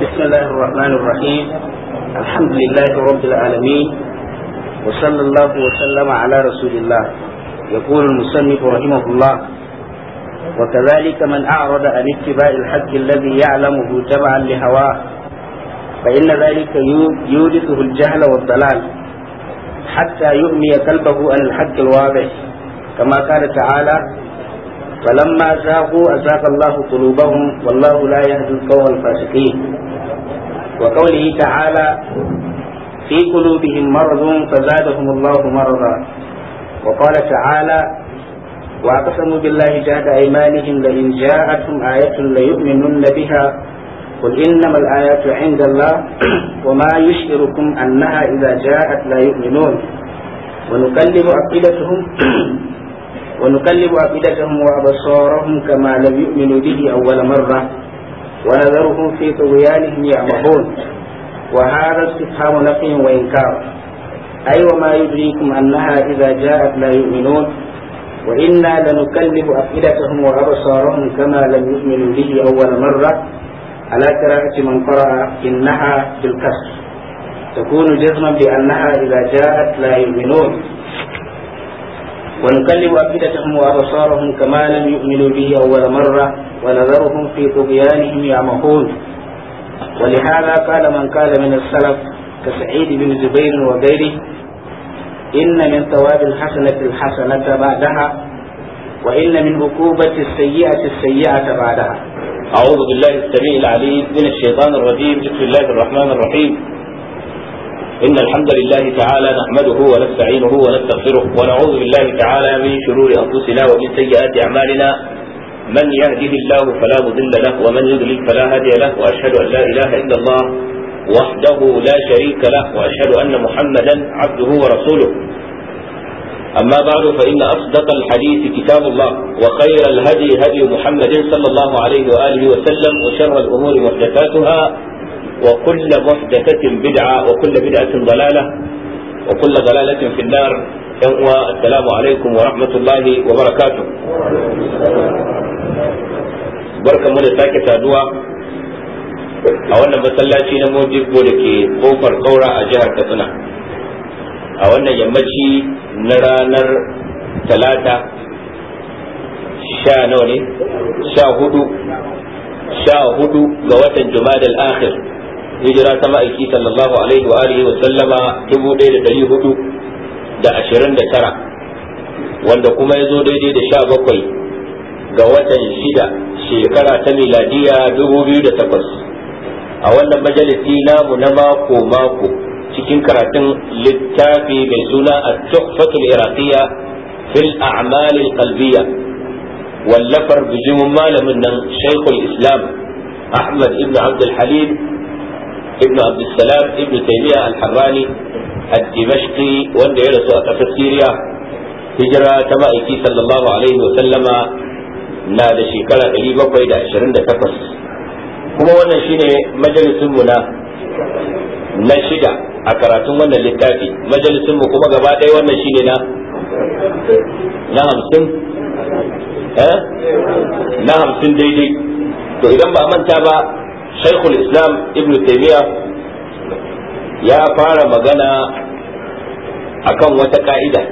بسم الله الرحمن الرحيم الحمد لله رب العالمين وصلى الله وسلم على رسول الله يقول المصنف رحمه الله وكذلك من أعرض عن اتباع الحق الذي يعلمه تبعا لهواه فإن ذلك يورثه الجهل والضلال حتى يغمي قلبه عن الحق الواضح كما قال تعالى فلما زاغوا أزاغ الله قلوبهم والله لا يهدي القوم الفاسقين وقوله تعالى في قلوبهم مرض فزادهم الله مرضا وقال تعالى واعتصموا بالله جاد أيمانهم لئن جاءتهم آية ليؤمنن بها قل إنما الآيات عند الله وما يشعركم أنها إذا جاءت لا يؤمنون ونقلب أفئدتهم ونقلب أفئدتهم وأبصارهم كما لم يؤمنوا به أول مرة ونذرهم في طغيانهم يعمهون وهذا استفهام نفي وإنكار أي أيوة وما يدريكم أنها إذا جاءت لا يؤمنون وإنا لنكلف أفئدتهم وأبصارهم كما لم يؤمنوا به أول مرة على قراءة من قرأ إنها بالكسر تكون جزما بأنها إذا جاءت لا يؤمنون ونقلب أفئدتهم وأبصارهم كما لم يؤمنوا به أول مرة ونذرهم في طغيانهم يعمهون ولهذا قال من قال من السلف كسعيد بن زبير وغيره إن من ثواب الحسنة الحسنة بعدها وإن من عقوبة السيئة السيئة بعدها أعوذ بالله السميع العليم من الشيطان الرجيم بسم الله الرحمن الرحيم إن الحمد لله تعالى نحمده ونستعينه ونستغفره ونعوذ بالله تعالى من شرور أنفسنا ومن سيئات أعمالنا من يهده الله فلا مضل له ومن يضلل فلا هادي له وأشهد أن لا إله إلا الله وحده لا شريك له وأشهد أن محمدا عبده ورسوله أما بعد فإن أصدق الحديث كتاب الله وخير الهدي هدي محمد صلى الله عليه وآله وسلم وشر الأمور محدثاتها وكل محدثة بدعة وكل بدعة ضلالة وكل ضلالة في النار السلام عليكم ورحمة الله وبركاته بركة من ساكتة دوا أولا مسلاتي نموجب ولكي قوفر قورة أجهر كتنا a wannan yammaci na ranar talata sha nawa ne sha hudu sha hudu ga watan jumada al-akhir hijira ta ma'aiki sallallahu alaihi wa alihi wa sallama dubu da dari hudu da ashirin da tara wanda kuma ya zo daidai da sha bakwai ga watan shida shekara ta miladiya dubu biyu da takwas a wannan majalisi namu na mako mako cikin karatun littafi mai suna a tuhfatul iraqiyya fil a'mal al-qalbiyya wallafar bijimin malamin nan shaykhul islam ahmad ibn abd al-halim ibn abd salam ibn taymiya al-harrani ad-dimashqi wanda ya rasu a kasar syria hijira ta ma'aiki sallallahu alaihi wa sallama na da shekara 728 kuma wannan shine majalisin mu na na shida a karatun wannan littafi majalisin mu kuma gaba ɗaya wannan shine na na hamsin eh? na hamsin daidai to idan ba manta ba shaikhul islam ibn taymiya ya fara magana akan wata ka'ida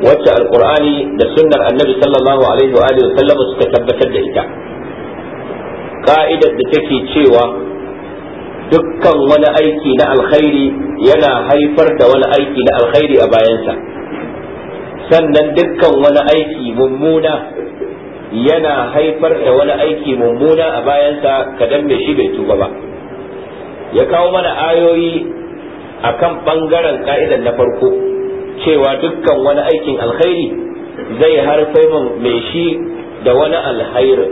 wacce alqur'ani da sunnar annabi sallallahu alaihi wa alihi wa sallam suka tabbatar da ita ka'idar da take cewa dukkan wani aiki na alkhairi yana haifar da wani aiki na alkhairi a bayansa sannan dukkan wani aiki mummuna yana haifar da wani aiki mummuna a bayansa kadan mai shi bai tuba ba ya kawo mana ayoyi a kan ɓangaren ka'idan na farko cewa dukkan wani aikin alkhairi zai harfai mai shi da wani alkhairi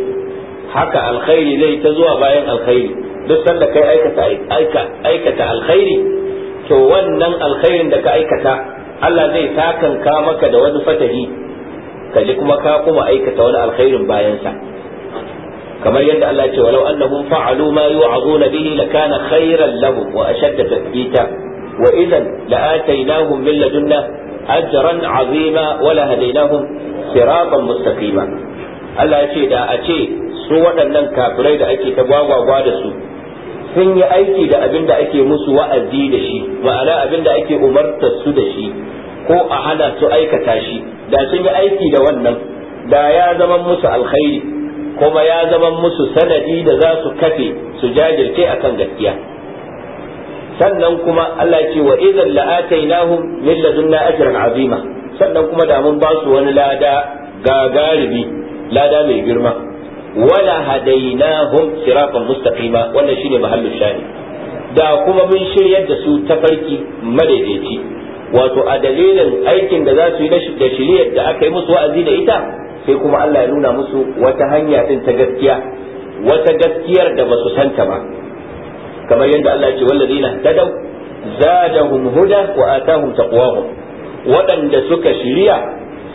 haka alkhairi zai ta zuwa bayan alkhairi duk sanda kai aikata aikata alkhairi to wannan alkhairin da ka aikata Allah zai sakanka maka da wani fatahi ka ji kuma ka kuma aikata wani alkhairin bayansa kamar yadda Allah ce walau annahum fa'alu ma yu'azuna bihi lakana khairan lahum wa ashadda tathbita wa idan la'atainahum min ladunna ajran azima wala hadainahum siratan mustaqima Allah ya ce da a ce su waɗannan kafirai da ake ta gwagwagwa da su sun yi aiki da abin da ake musu wa'azi da shi ma'ana abin da ake umartar su da shi ko a hana su aikata shi da sun yi aiki da wannan da ya zama musu alkhairi kuma ya zama musu sanadi da za su kafe su jajirce akan gaskiya sannan kuma Allah ce wa idan nahu min ladunna ajran azima sannan kuma da mun ba su wani lada gagarumi lada mai girma wala hadainahum siratan mustaqima wannan shine mahallin shani da kuma mun shiryar da su tafarki madaidaici wato a dalilin aikin da za su yi da shiryar da aka yi musu wa'azi da ita sai kuma Allah ya nuna musu wata hanya din ta gaskiya wata gaskiyar da basu santa ba kamar yadda Allah ya ce wallazina tadaw zadahum huda wa atahum taqwahum waɗanda suka shirya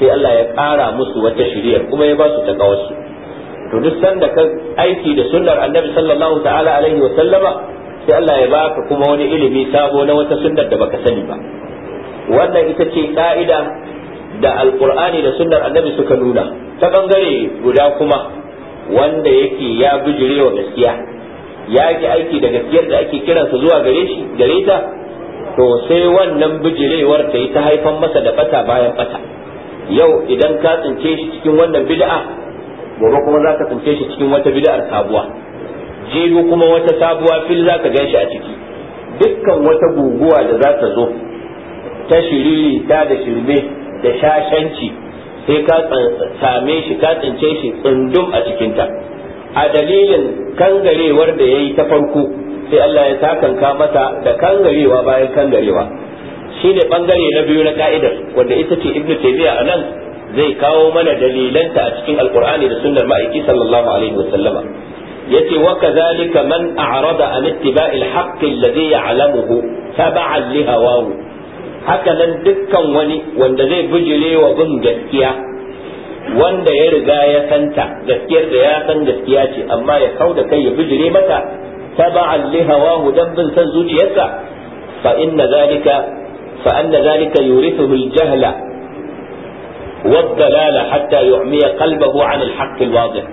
sai Allah ya ƙara musu wata shiryar kuma ya ba su takawarsu to duk sanda ka aiki da sunnar annabi sallallahu ta'ala alaihi wa sallama sai Allah ya baka kuma wani ilimi sabo na wata sunnar da baka sani ba wannan ita ce ka'ida da alqur'ani da sunnar annabi suka nuna ta bangare guda kuma wanda yake ya bijirewa gaskiya ya ki aiki da gaskiyar da ake kiransa zuwa gare shi gare ta to sai wannan bijirewar ta yi ta haifan masa da bata bayan bata yau idan ka tsince shi cikin wannan bid'a gobe kuma za ka tsince shi cikin wata bid'ar sabuwa Jiru kuma wata sabuwa fil za ka gan shi a ciki dukkan wata guguwa da za ta zo ta shiriri ta da shirme da shashanci sai ka same shi ka tsince shi tsundum a cikinta a dalilin kangarewar da ya yi ta farko sai Allah ya takanka masa da kangarewa bayan kangarewa shine bangare na biyu na ka'idar wanda ita ce ibnu a nan. zai kawo mana dalilanta a cikin alkur'ani da sunnar ma'aiki sallallahu alaihi wa sallama yace wa kadhalika man a'rada an ittiba'i al-haqqi alladhi ya'lamuhu tab'an li haka nan dukkan wani wanda zai bijire wa bin gaskiya wanda ya riga ya santa gaskiyar da ya san gaskiya ce amma ya kauda kai ya bijire mata tab'an li dan bin san zuciyarsa fa inna zalika fa anna zalika yurithuhu al hatta حتى يعمي قلبه عن الحق الواضح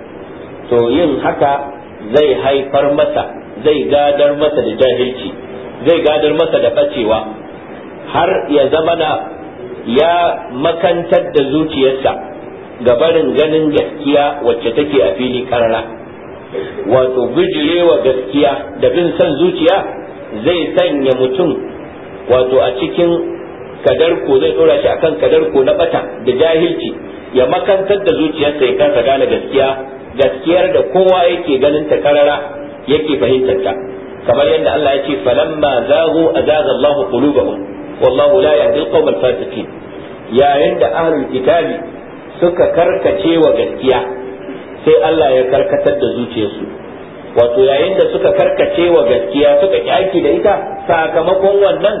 to yin haka zai haifar masa zai gadar masa da jahilci zai gadar masa da bacewa har ya zamana ya makantar da zuciyarsa ga barin ganin gaskiya wacce take a fili karara wato bijirewa gaskiya da bin son zuciya zai sanya mutum wato a cikin kadarko zai dora shi akan kadarko na bata da jahilci ya makantar da zuciyarsa ya kasa gane gaskiya gaskiyar da kowa yake ganin ta karara yake fahimtar ta kamar yadda Allah ya ce falamma zaghu azaga Allah qulubahum wallahu la yahdi yayin da ahlul kitabi suka karkace wa gaskiya sai Allah ya karkatar da zuciyarsu wato yayin da suka karkace wa gaskiya suka ki aiki da ita sakamakon wannan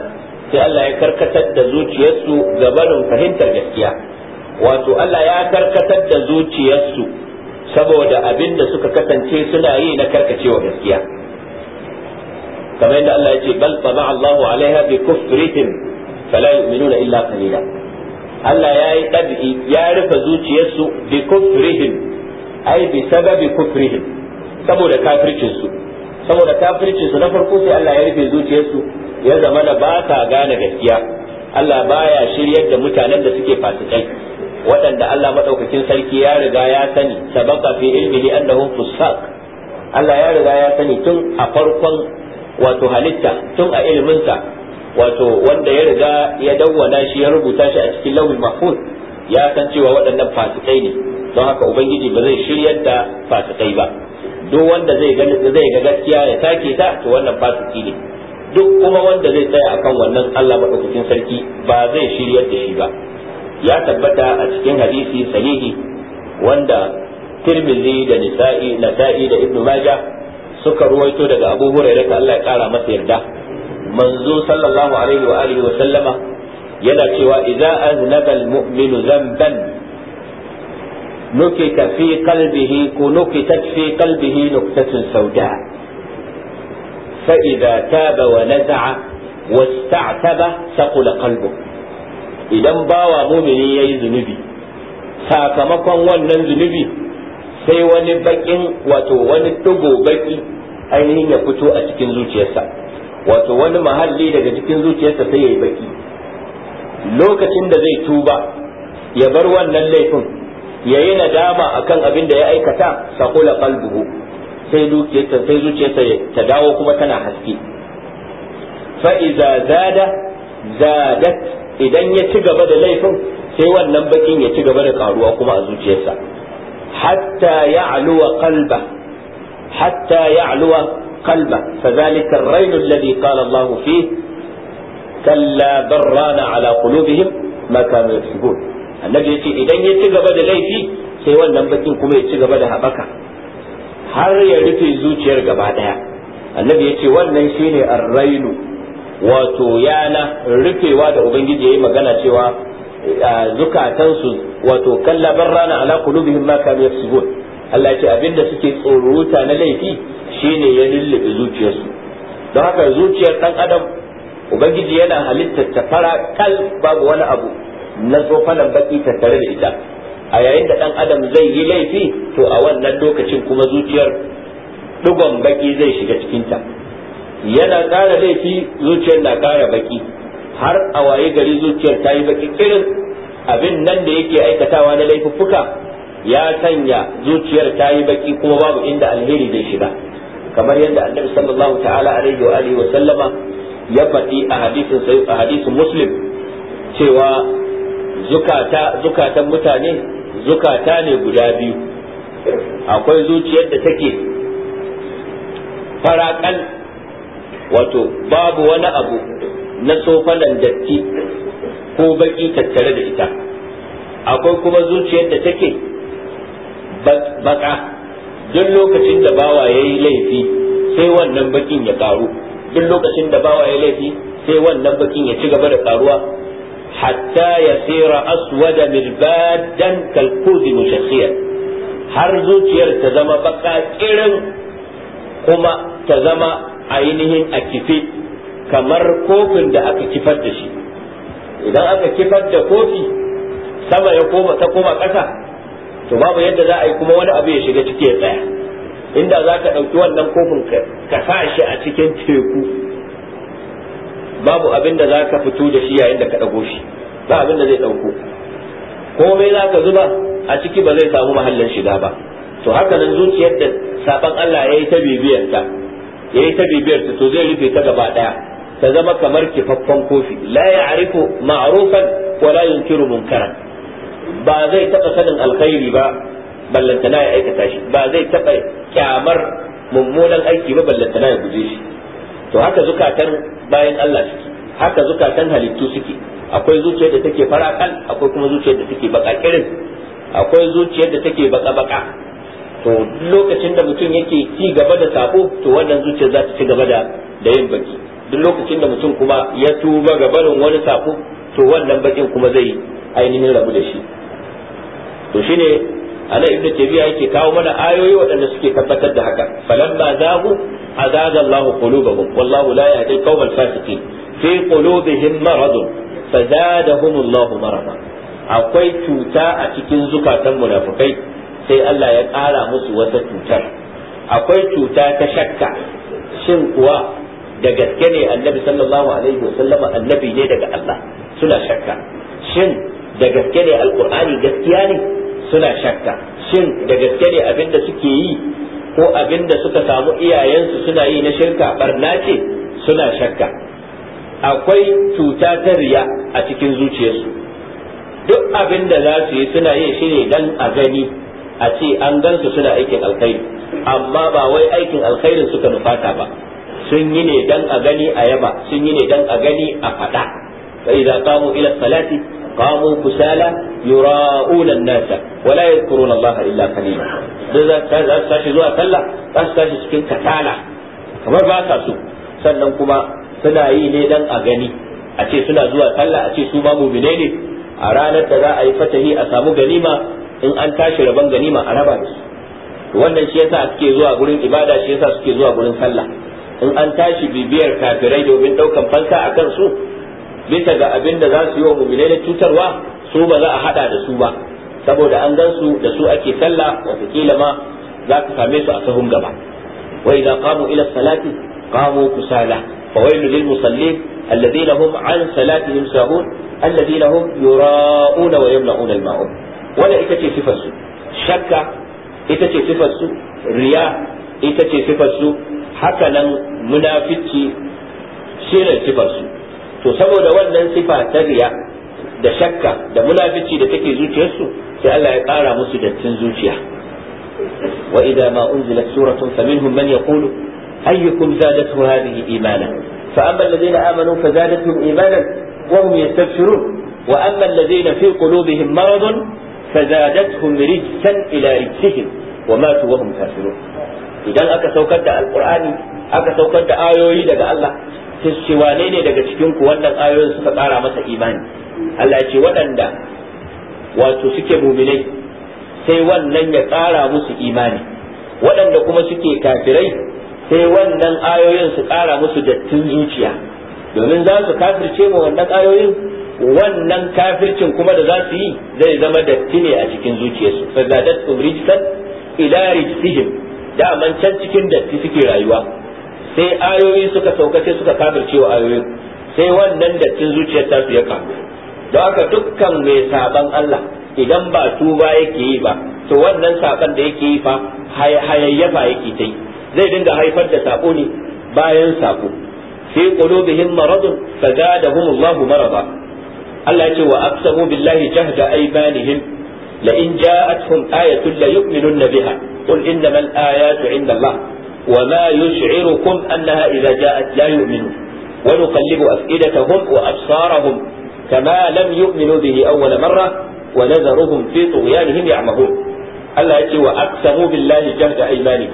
sai Allah ya karkatar da zuciyarsu ga barin fahimtar gaskiya wato Allah ya karkatar da zuciyarsu saboda abin da suka kasance suna yi na karkacewa gaskiya kamar yadda Allah ya ce bal tama Allahu alaiha bi kufrihim fala yu'minuna illa qalila Allah ya yi ɗabi'i ya rufe zuciyarsu bi kufrihim ai bi sababi kufrihim saboda kafircinsu saboda kafirci su na farko sai Allah ya rufe zuciyarsu ya zama da ba ta gane gaskiya Allah baya shiryar da mutanen da suke fasikai waɗanda Allah madaukakin sarki ya riga ya sani sabaka fi li annahum fusaq Allah ya riga ya sani tun a farkon wato halitta tun a iliminsa wato wanda ya riga ya dawwana shi ya rubuta shi a cikin lawul mahfuz ya san cewa waɗannan fasikai ne don haka ubangiji ba zai shiryar da fasikai ba duk wanda zai ga zai ga gaskiya ya take ta to wannan fasiki ne duk kuma wanda zai tsaya akan wannan Allah madaukakin sarki ba zai shiryar da shi ba ya tabbata a cikin hadisi sahihi wanda Tirmidhi da Nisa'i Nasa'i da Ibn Majah suka ruwaito daga Abu Hurairah Allah ya kara masa yarda manzo sallallahu alaihi wa alihi wa sallama yana cewa idza aznaba al-mu'minu zamban نكت في قلبه نكتت في قلبه نكتة سوداء فإذا تاب ونزع واستعتب ثقل قلبه idan bawa mumini ya yi zunubi sakamakon wannan zunubi sai wani bakin wato wani dugo baki ainihin ya fito a cikin zuciyarsa wato wani mahalli daga cikin zuciyarsa sai ya yi baki lokacin da zai tuba ya bar wannan laifin yayi nadama akan abin da ya aikata saqula qalbuhu sai zuciyarsa sai zuciyarsa ta dawo kuma tana haske fa iza zada zadat idan ya ci gaba da laifin sai wannan bakin ya ci gaba da karuwa kuma a zuciyarsa hatta ya'luwa qalba hatta ya'luwa qalba fadhalika ar-rayn alladhi qala Allahu fihi kalla barrana ala qulubihim ma kanu yaksubun annabi yace idan ya ci gaba da laifi sai wannan bakin kuma ya ci gaba da habaka har ya rufe zuciyar gaba daya annabi yace wannan shine arrainu wato yana rufewa da ubangiji yayi magana cewa su wato kallaban rana ala qulubihim ma kanu yaksubun Allah yace abinda suke tsoruta na laifi shine ya lullube zuciyarsu don haka zuciyar dan adam ubangiji yana halittar ta fara kal babu wani abu na tsofanan baki tattare da ita a yayin da dan adam zai yi laifi to a wannan lokacin kuma zuciyar dugon baki zai shiga cikinta yana ƙara laifi zuciyar na ƙara baki har a waye gari zuciyar ta yi baki irin abin nan da yake aikatawa na laifuffuka ya sanya zuciyar ta yi baki kuma babu inda alheri zai shiga kamar yadda annabi sallallahu ta'ala alaihi wa alihi wa sallama ya faɗi a hadisin a hadisin muslim cewa zukata zukatan mutane zukata ne guda biyu akwai zuciyar da take faraƙal wato babu wani abu na tsofanan datti ko baki tattare da ita akwai kuma zuciyar da take baka duk lokacin da bawa ya yi laifi sai wannan bakin ya karu duk lokacin da bawa ya laifi sai wannan bakin ya ci gaba da karuwa hatta yasira aswada mirbadan kalkuzi mushakhiyan har zuciyar ta zama baka kirin kuma ta zama ainihin a kife kamar kofin da aka kifar da shi idan aka kifar da kofi sama ya koma ta koma ƙasa to babu yadda za a yi kuma wani abu ya shiga ciki ya tsaya inda za ka ɗauki wannan kofin ka sa shi a cikin teku babu abin da za ka fito da shi yayin da ka ɗago shi ba abin da zai ɗauko komai za ka zuba a ciki ba zai samu mahallin shiga ba to haka nan zuciyar da saban Allah ya yi ta bibiyarta ya yi ta to zai rufe ta gaba ɗaya ta zama kamar kifaffen kofi la ya'rifu ma'rufan wa la yunkiru munkaran ba zai taɓa sanin alkhairi ba ballantana ya aikata shi ba zai taɓa kyamar mummunan aiki ba ballantana ya guje shi to haka zukatan bayan Allah suke haka zukatan halittu suke akwai zuciyar da take farakal akwai kuma zuciyar da take baka kirin akwai zuciyar da take baka baka to lokacin da mutum yake ci gaba da sako to wannan zuciyar za ta ci gaba da da yin baki duk lokacin da mutum kuma ya tuba ga barin wani sako to wannan bakin kuma zai ainihin rabu da shi to shine ana ibnu tabiya yake kawo mana ayoyi waɗanda suke tabbatar da haka falamma zagu أزاد الله قلوبهم والله لا يهدي القوم الفاسقين في قلوبهم مرض فزادهم الله مرضا akwai cuta a cikin zukatan munafukai sai Allah ya ƙara musu wata cutar akwai cuta ta shakka shin kuwa da gaske ne annabi sallallahu alaihi wasallama ne daga Allah suna shakka shin da gaske ne alkur'ani gaskiya ne suna shakka shin da gaske ne abin da suke yi ko abin da suka samu iyayensu suna yi na shirka barna ce suna shakka akwai cuta ta riya a cikin zuciyarsu duk abin da za su yi suna yi shi ne dan a gani a ce an gansu suna aikin alkhairi amma ba wai aikin alkhairin suka nufata ba sun yi ne dan a gani a yaba sun yi ne dan a gani a faɗa fa idza qamu ila salati qamu kusala yura'una an-nasa wa la yadhkuruna Allah illa qalila da za tashi zuwa sallah za su tashi cikin katala kamar basa sa sannan kuma suna yi ne dan a gani a ce suna zuwa sallah a ce su ma mu'mine ne a ranar da za a yi fatahi a samu ganima in an tashi rabon ganima a raba da su wannan shi yasa suke zuwa gurin ibada shi yasa suke zuwa gurin sallah in an tashi bibiyar kafirai domin ɗaukar fansa a su. bisa ga abin da za su yi wa mu'minai na cutarwa su ba za a hada da su ba saboda an gan su da su ake sallah wataƙila ma za ka same su a sahun gaba wa idza qamu ila salati qamu kusala fa wailu lil musallin alladhina hum an salatihim sahun alladhina hum yura'una wa yamna'una al-ma'un wala ita ce sifar su shakka ita ce sifar su riya ita ce sifar su haka nan munafici shirin sifar su to saboda wannan sifa ta riya da shakka da munafici da take zuciyarsu sai Allah ya ƙara musu dattin zuciya wa idza ma unzilat suratun faminhum man yaqulu ayyukum zadatu hadhihi imana fa amma alladhina amanu fazadatuhum imanan wa hum yastabshirun wa amma alladhina fi qulubihim maradun ila rijsihim wa matu wa hum kafirun idan aka saukar da alqur'ani aka saukar da ayoyi daga Allah sai wane ne daga cikin ku wannan ayoyin suka ƙara masa imani Allah ya ce waɗanda wato suke muminai sai wannan ya ƙara musu imani waɗanda kuma suke kafirai sai wannan ayoyin su ƙara musu dattin zuciya domin za su kafirce mu wannan ayoyin wannan kafircin kuma da za su yi zai zama datti ne a cikin zuciyarsu fa zadat umrijtan ila rijtihim da man can cikin datti suke rayuwa sai ayoyi suka sauka sai suka kafirce wa ayoyin sai wannan dattin zuciyar tasu ya kamu don haka dukkan mai saban Allah idan ba tuba yake yi ba to wannan saban da yake yi fa hayayyafa yake ta zai dinga haifar da sako ne bayan sako fi qulubihim maradun fazadahum Allahu marada Allah ya ce wa aqsamu billahi jahda aymanihim لئن جاءتهم la yuminun بها قل إنما الآيات inda allah. وما يشعركم أنها إذا جاءت لا يؤمنون ونقلب أفئدتهم وأبصارهم كما لم يؤمنوا به أول مرة ونذرهم في طغيانهم يعمهون Allah ya ce wa aqsamu billahi jahda aymani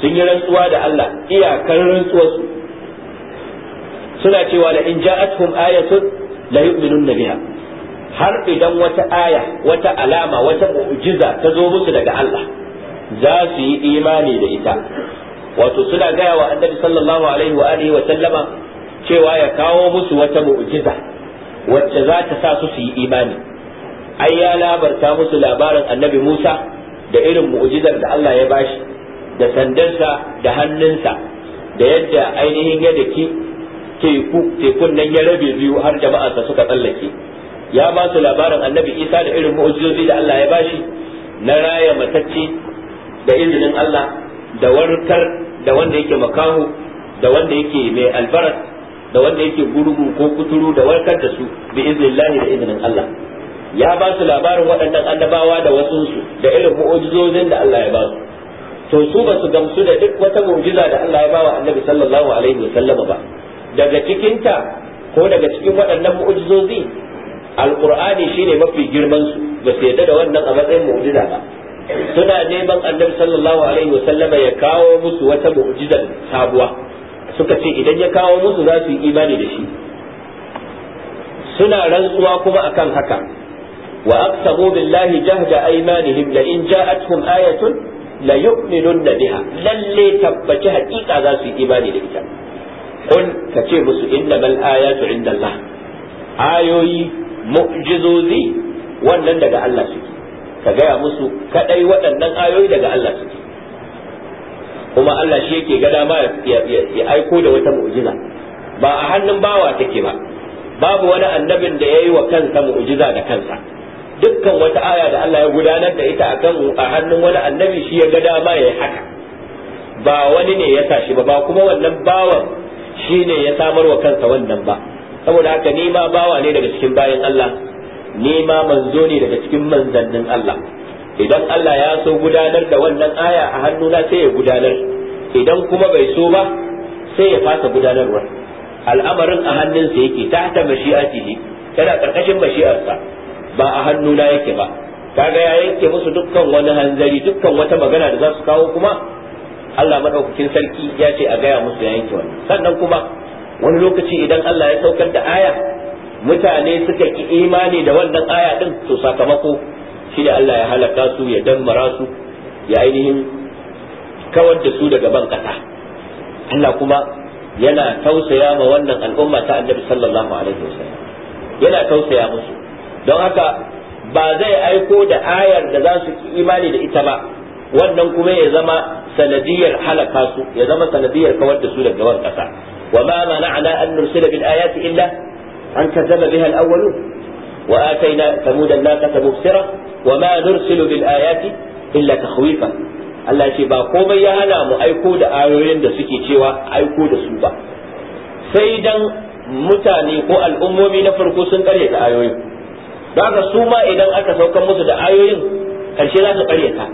sun yi rantsuwa da Allah iyakar rantsuwar su suna cewa la in ja'atuhum la har idan wata aya wata alama wata mu'jiza ta zo musu daga Allah za su yi imani da ita wato suna gaya wa annabi sallallahu alaihi wa alihi wa sallama cewa ya kawo musu wata mu'jiza wacce za ta sa su su yi imani ai ya labarta musu labarin annabi Musa da irin mu'jizar da Allah ya bashi da sandansa da hannunsa da yadda ainihin ya daki teku tekun nan ya rabe biyu har jama'arsa suka tsallake ya ba su labarin annabi Isa da irin mu'jizozi da Allah ya bashi na raya matacce da izinin Allah da warkar da wanda yake makahu da wanda yake mai albarat da wanda yake gurgu ko kuturu da warkar da su bi iznillahi da iznin Allah ya ba su labarin waɗannan annabawa da wasu su da irin mu'ujizojin da Allah ya ba su to su ba su gamsu da duk wata mu'jiza da Allah ya ba wa annabi sallallahu alaihi wa sallama ba daga cikinta ko daga cikin waɗannan mu'ujizozi alqur'ani shine mafi girman su ba su yarda da wannan a matsayin mu'jiza ba suna neman annabi sallallahu alaihi wa sallama ya kawo musu wata mu'jiza sabuwa suka ce idan ya kawo musu za su yi imani da shi suna rantsuwa kuma akan haka wa aqsamu billahi jahda aymanihim la in ja'atkum ayatun la yu'minunna biha lalle tabbaci haƙiƙa za su yi imani da ita kun ka ce musu bal ayatu indallah ayoyi mu'jizozi wannan daga Allah su ka gaya musu kadai waɗannan ayoyi daga Allah suke kuma Allah shi yake ga dama ya aiko da wata mu'jiza ba a hannun bawa take ba babu wani annabin da yayi wa kansa mu'jiza da kansa dukkan wata aya da Allah ya gudanar da ita akan a hannun wani annabi shi ya ga dama ya yi haka ba wani ne ya tashi ba ba kuma wannan bawan shi ne ya samar wa kansa wannan ba saboda haka ni ma bawa ne daga cikin bayan Allah ni ma manzo ne daga cikin manzannin Allah idan Allah ya so gudanar da wannan aya a hannuna sai ya gudanar idan kuma bai so ba sai ya fasa gudanarwa al'amarin a hannunsa yake tahta mashi'atihi tana karkashin mashi'arsa ba a hannuna yake ba kaga ya yanke musu dukkan wani hanzari dukkan wata magana da za su kawo kuma Allah madaukakin sarki ya ce a gaya musu ya yanke wannan sannan kuma wani lokaci idan Allah ya saukar da aya mutane suka ki imani da wannan aya din to sakamako shi da Allah ya halaka su ya dammara su ya ainihin kawar da su daga ban kasa Allah kuma yana tausaya ma wannan al'umma ta Annabi sallallahu alaihi wasallam yana tausaya musu don haka ba zai aiko da ayar da za su ki imani da ita ba wannan kuma ya zama sanadiyar halaka su ya zama sanadiyar kawar da su daga ban kasa وما منعنا أن نرسل بالآيات illa? أن كذب بها الأولون وآتينا ثمود الناقة مبصرة وما نرسل بالآيات إلا تخويفا Allah ce ba komai ya hana mu aiko da ayoyin da suke cewa aiko da su ba sai dan mutane ko al'ummomi na farko sun karya da ayoyin don haka su ma idan aka sauka musu da ayoyin karshe za su karyata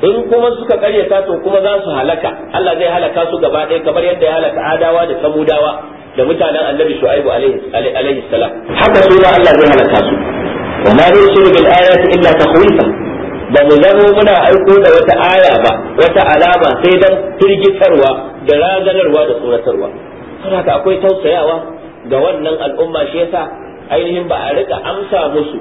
in kuma suka karyata to kuma za su halaka Allah zai halaka su gaba ɗaya kamar yadda ya halaka adawa da samudawa da mutanen annabi shu'aibu alaihi salam haka su Allah zai halaka su wa ma nusiru bil ayati illa takhwifa ba mu zamo muna aiko da wata aya ba wata alama sai dan firgitarwa da razanarwa da tsoratarwa saboda akwai tausayawa ga wannan al'umma shi yasa ainihin ba a rika amsa musu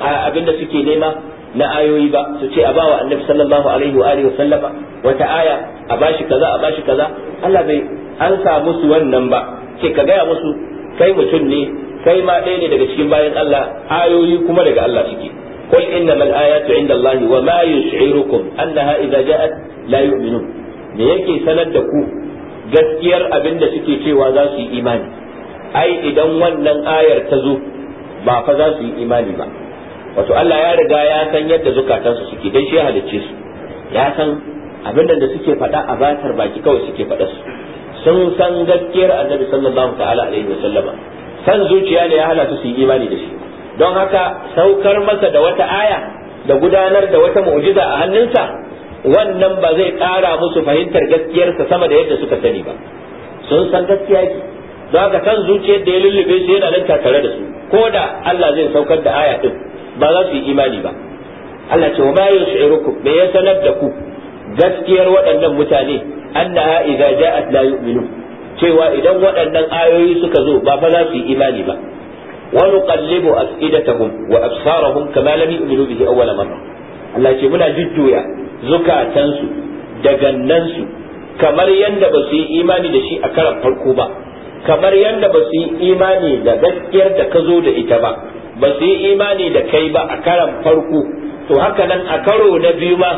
abinda suke nema na ayoyi ba su ce a bawa annabi sallallahu alaihi wa alihi sallama wata aya a bashi kaza a bashi kaza Allah bai an sa musu wannan ba ce ka gaya musu kai mutum ne kai ma ɗaya ne daga cikin bayan Allah ayoyi kuma daga Allah suke قل ayatu inda Allah wa ma yush'irukum annaha idza ja'at la يؤمنون me yake sanar da ku gaskiyar abin da suke cewa za su yi imani ai idan wannan ayar ta zo ba fa za su yi imani ba wato Allah ya riga ya san yadda zukatansu suke dan shi halicce su ya san abin da suke faɗa a batar baki kawai suke faɗa su sun san gaskiyar annabi sallallahu ta'ala alaihi wa sallama san zuciya ne ya hana su su yi imani da shi don haka saukar masa da wata aya da gudanar da wata mu'jiza a hannunsa wannan ba zai ƙara musu fahimtar gaskiyarsa sama da yadda suka sani ba sun san gaskiya ce don haka san zuciyar da ya lullube su yana nan tare da su ko da Allah zai saukar da aya din ba za su yi imani ba Allah ce wa ma yushirukum me ya sanar da ku gaskiyar waɗannan mutane annaha idza ja'at la yu'minu cewa idan waɗannan ayoyi suka zo ba fa za su yi imani ba wa nuqallibu af'idatahum wa absarahum kama lam yu'minu bihi awwala marra Allah ce muna jujjuya zukatansu da gannansu kamar yadda ba su yi imani da shi a karan farko ba kamar yadda ba su yi imani da gaskiyar da ka zo da ita ba ba su yi imani da kai ba a karan farko to haka nan a karo na biyu ma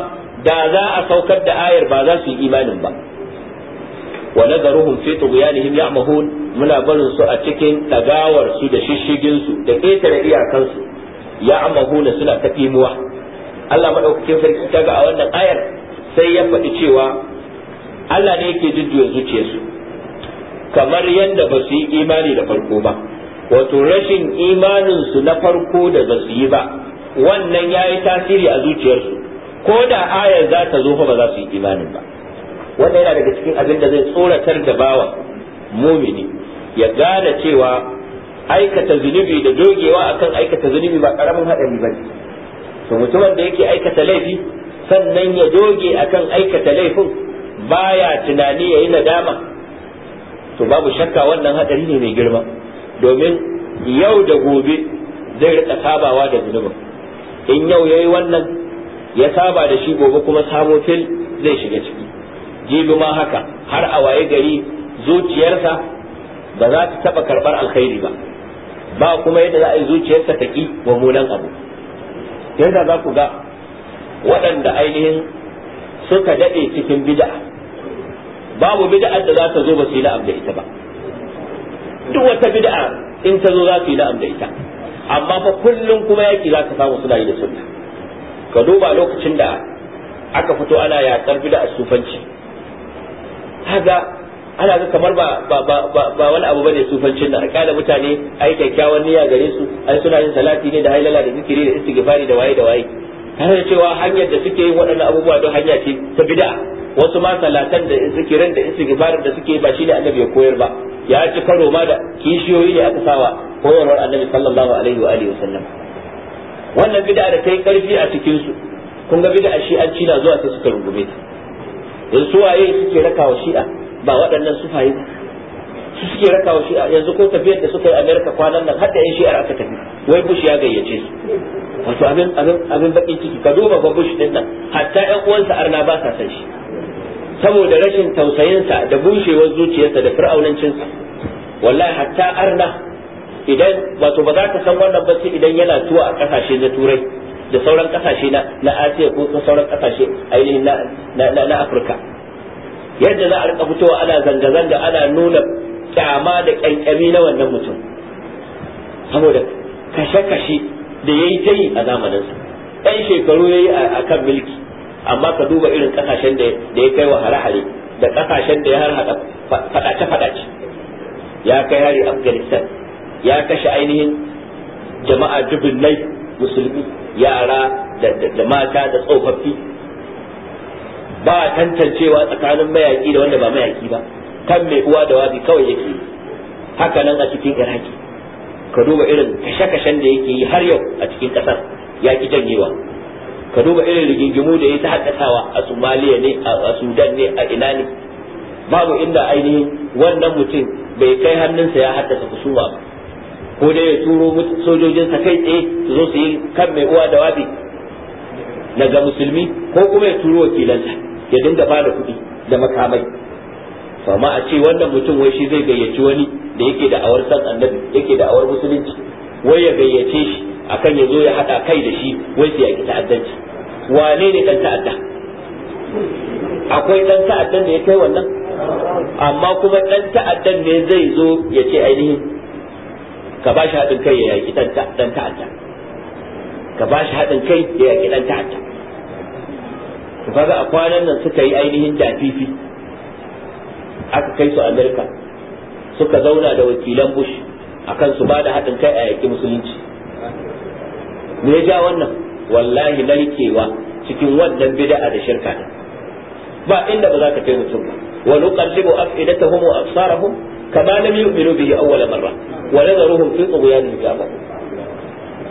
da za a saukar da ayar ba za su yi imanin ba wa nazaruhum fi tughyanihim ya'mahun muna barin su a cikin tagawar su da shishigin su da ƙetare iyakan su ya'mahuna suna tafimuwa Allah madaukakin sarki kaga a wannan ayar sai ya faɗi cewa Allah ne yake jujjuya zuciyarsu kamar yadda ba su yi imani da farko ba wato rashin imaninsu na farko da ba su yi ba wannan ya yi tasiri a zuciyarsu ko da ayar za ta zo fa ba za su yi imanin ba wanda yana daga cikin abin da zai tsoratar da bawa mumini ya gane cewa aikata zunubi da dogewa akan aikata zunubi ba karamin haɗari ba to mutumin da yake aikata laifi sannan ya doge akan aikata laifin baya tunani ya yi nadama to babu shakka wannan haɗari ne mai girma domin yau da gobe zai rika sabawa da zunubin in yau yayi wannan ya saba da shi gobe kuma samo fil zai shiga ciki jibi ma haka har a waye gari zuciyarsa ba za ta taba karbar alkhairi ba ba kuma yadda za a yi zuciyarsa ta ki munan abu yadda za ku ga waɗanda ainihin suka daɗe cikin bid'a babu bid'ar da za ta zo ba su yi la'ab da ita ba duk wata bid'a in ta zo za su yi na'am da ita amma fa kullum kuma yaki za ka samu suna yi da sunna ka duba lokacin da aka fito ana yaƙar bid'a sufanci haga ana ga kamar ba ba ba ba wani abu bane sufancin da akala mutane ai kyakkyawan niyya gare su ai suna yin salati ne da halala da zikiri da istighfari da waye da waye tare da cewa hanyar da suke yin waɗannan abubuwa don hanya ce ta bid'a wasu ma salatan da zikirin da istighfarin da suke ba shine annabi ya koyar ba ya ci karo ma da kishiyoyi ne aka sawa koyarwar annabi sallallahu alaihi wa alihi wasallam wannan bid'a da kai karfi a cikin su kun ga bid'a shi an cina zuwa sai suka rungume ta yanzu waye suke raka wa shi'a ba waɗannan su fayi su suke raka wa shi'a yanzu ko tafiyar da suka yi amerika kwanan nan har da yan shi'ar aka tafi wai bush ya gayyace su wato abin abin abin bakin ciki ka duba ga bush din nan hatta yan uwansa arna ba sa san shi saboda rashin tausayinsa da bushewar zuciyarsa da fir'aunancinsa wallahi hatta arna idan wato ba za ka san wannan ba sai idan yana tuwa a kasashe na turai da sauran kasashe na asiya ko sauran kasashe ainihin na na afirka yadda za a rika fitowa ana zanga-zanga ana nuna kyama da kyankyami na wannan mutum saboda kashe-kashe da ya yi ta yi a zamaninsa ɗan shekaru ya yi a kan milki amma ka duba irin kasashen da ya kai wa hare da kasashen da ya har hada faɗace ya kai hari afghanistan ya kashe ainihin jama'a dubin nai musulmi yara da mata da tsofaffi ba tantancewa tsakanin mayaki da wanda ba mayaki ba kan mai uwa da wabi kawai yake haka nan a cikin iraki ka duba irin kashe-kashen da yake yi har yau a cikin ƙasar ya ki janyewa ka duba irin rigingimu da ya ta haddasawa a somaliya ne a sudan ne a ina ne babu inda ainihin wannan mutum bai kai hannunsa ya haddasa kusuma ba ko dai ya turo sojojinsa kai tsaye su zo su yi kan mai uwa da wabi daga musulmi ko kuma ya turo wakilansa ya dinga bada kuɗi da makamai amma a ce wannan mutum wai shi zai gayyaci wani da yake da awar san annabi yake da awar musulunci wai ya gayyace shi akan ya zo ya haɗa kai da shi wai sai ya ki ta'addanci wane ne dan ta'adda akwai dan ta'addan da ya kai wannan amma kuma dan ta'addan ne zai zo ya ce ainihin ka ba shi haɗin kai ya yaƙi dan ta'adda ka ba shi haɗin kai ya yaƙi dan ta'adda to kaga a kwanan nan suka yi ainihin dafifi aka kai su Amerika suka zauna da wakilan Bush akan su ba da haɗin kai a yaƙi musulunci me ya ja wannan wallahi narkewa cikin wannan bid'a da shirka din ba inda ba za ka kai mutum ba wa nuqallibu afidatahum wa absarahum kama lam yu'minu bihi awwala marra wa nadharuhum fi tughyanihim ya'mahun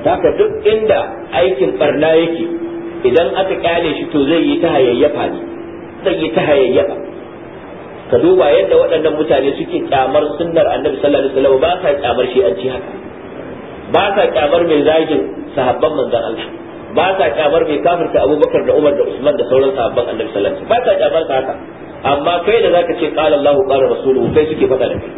haka duk inda aikin barna yake idan aka kyale shi to zai yi ta hayayyafa ne zai yi ta hayayyafa ka duba yadda waɗannan mutane suke kyamar sunnar annabi sallallahu alaihi wasallam ba sa kyamar shi an ci haka ba sa kyamar mai zagin sahabban manzon Allah ba sa kyamar mai kafirta abubakar da umar da usman da sauran sahabban annabi sallallahu alaihi wasallam ba sa kyamar ka haka amma kai da zaka ce qala allah qala rasuluhu kai suke faɗa da kai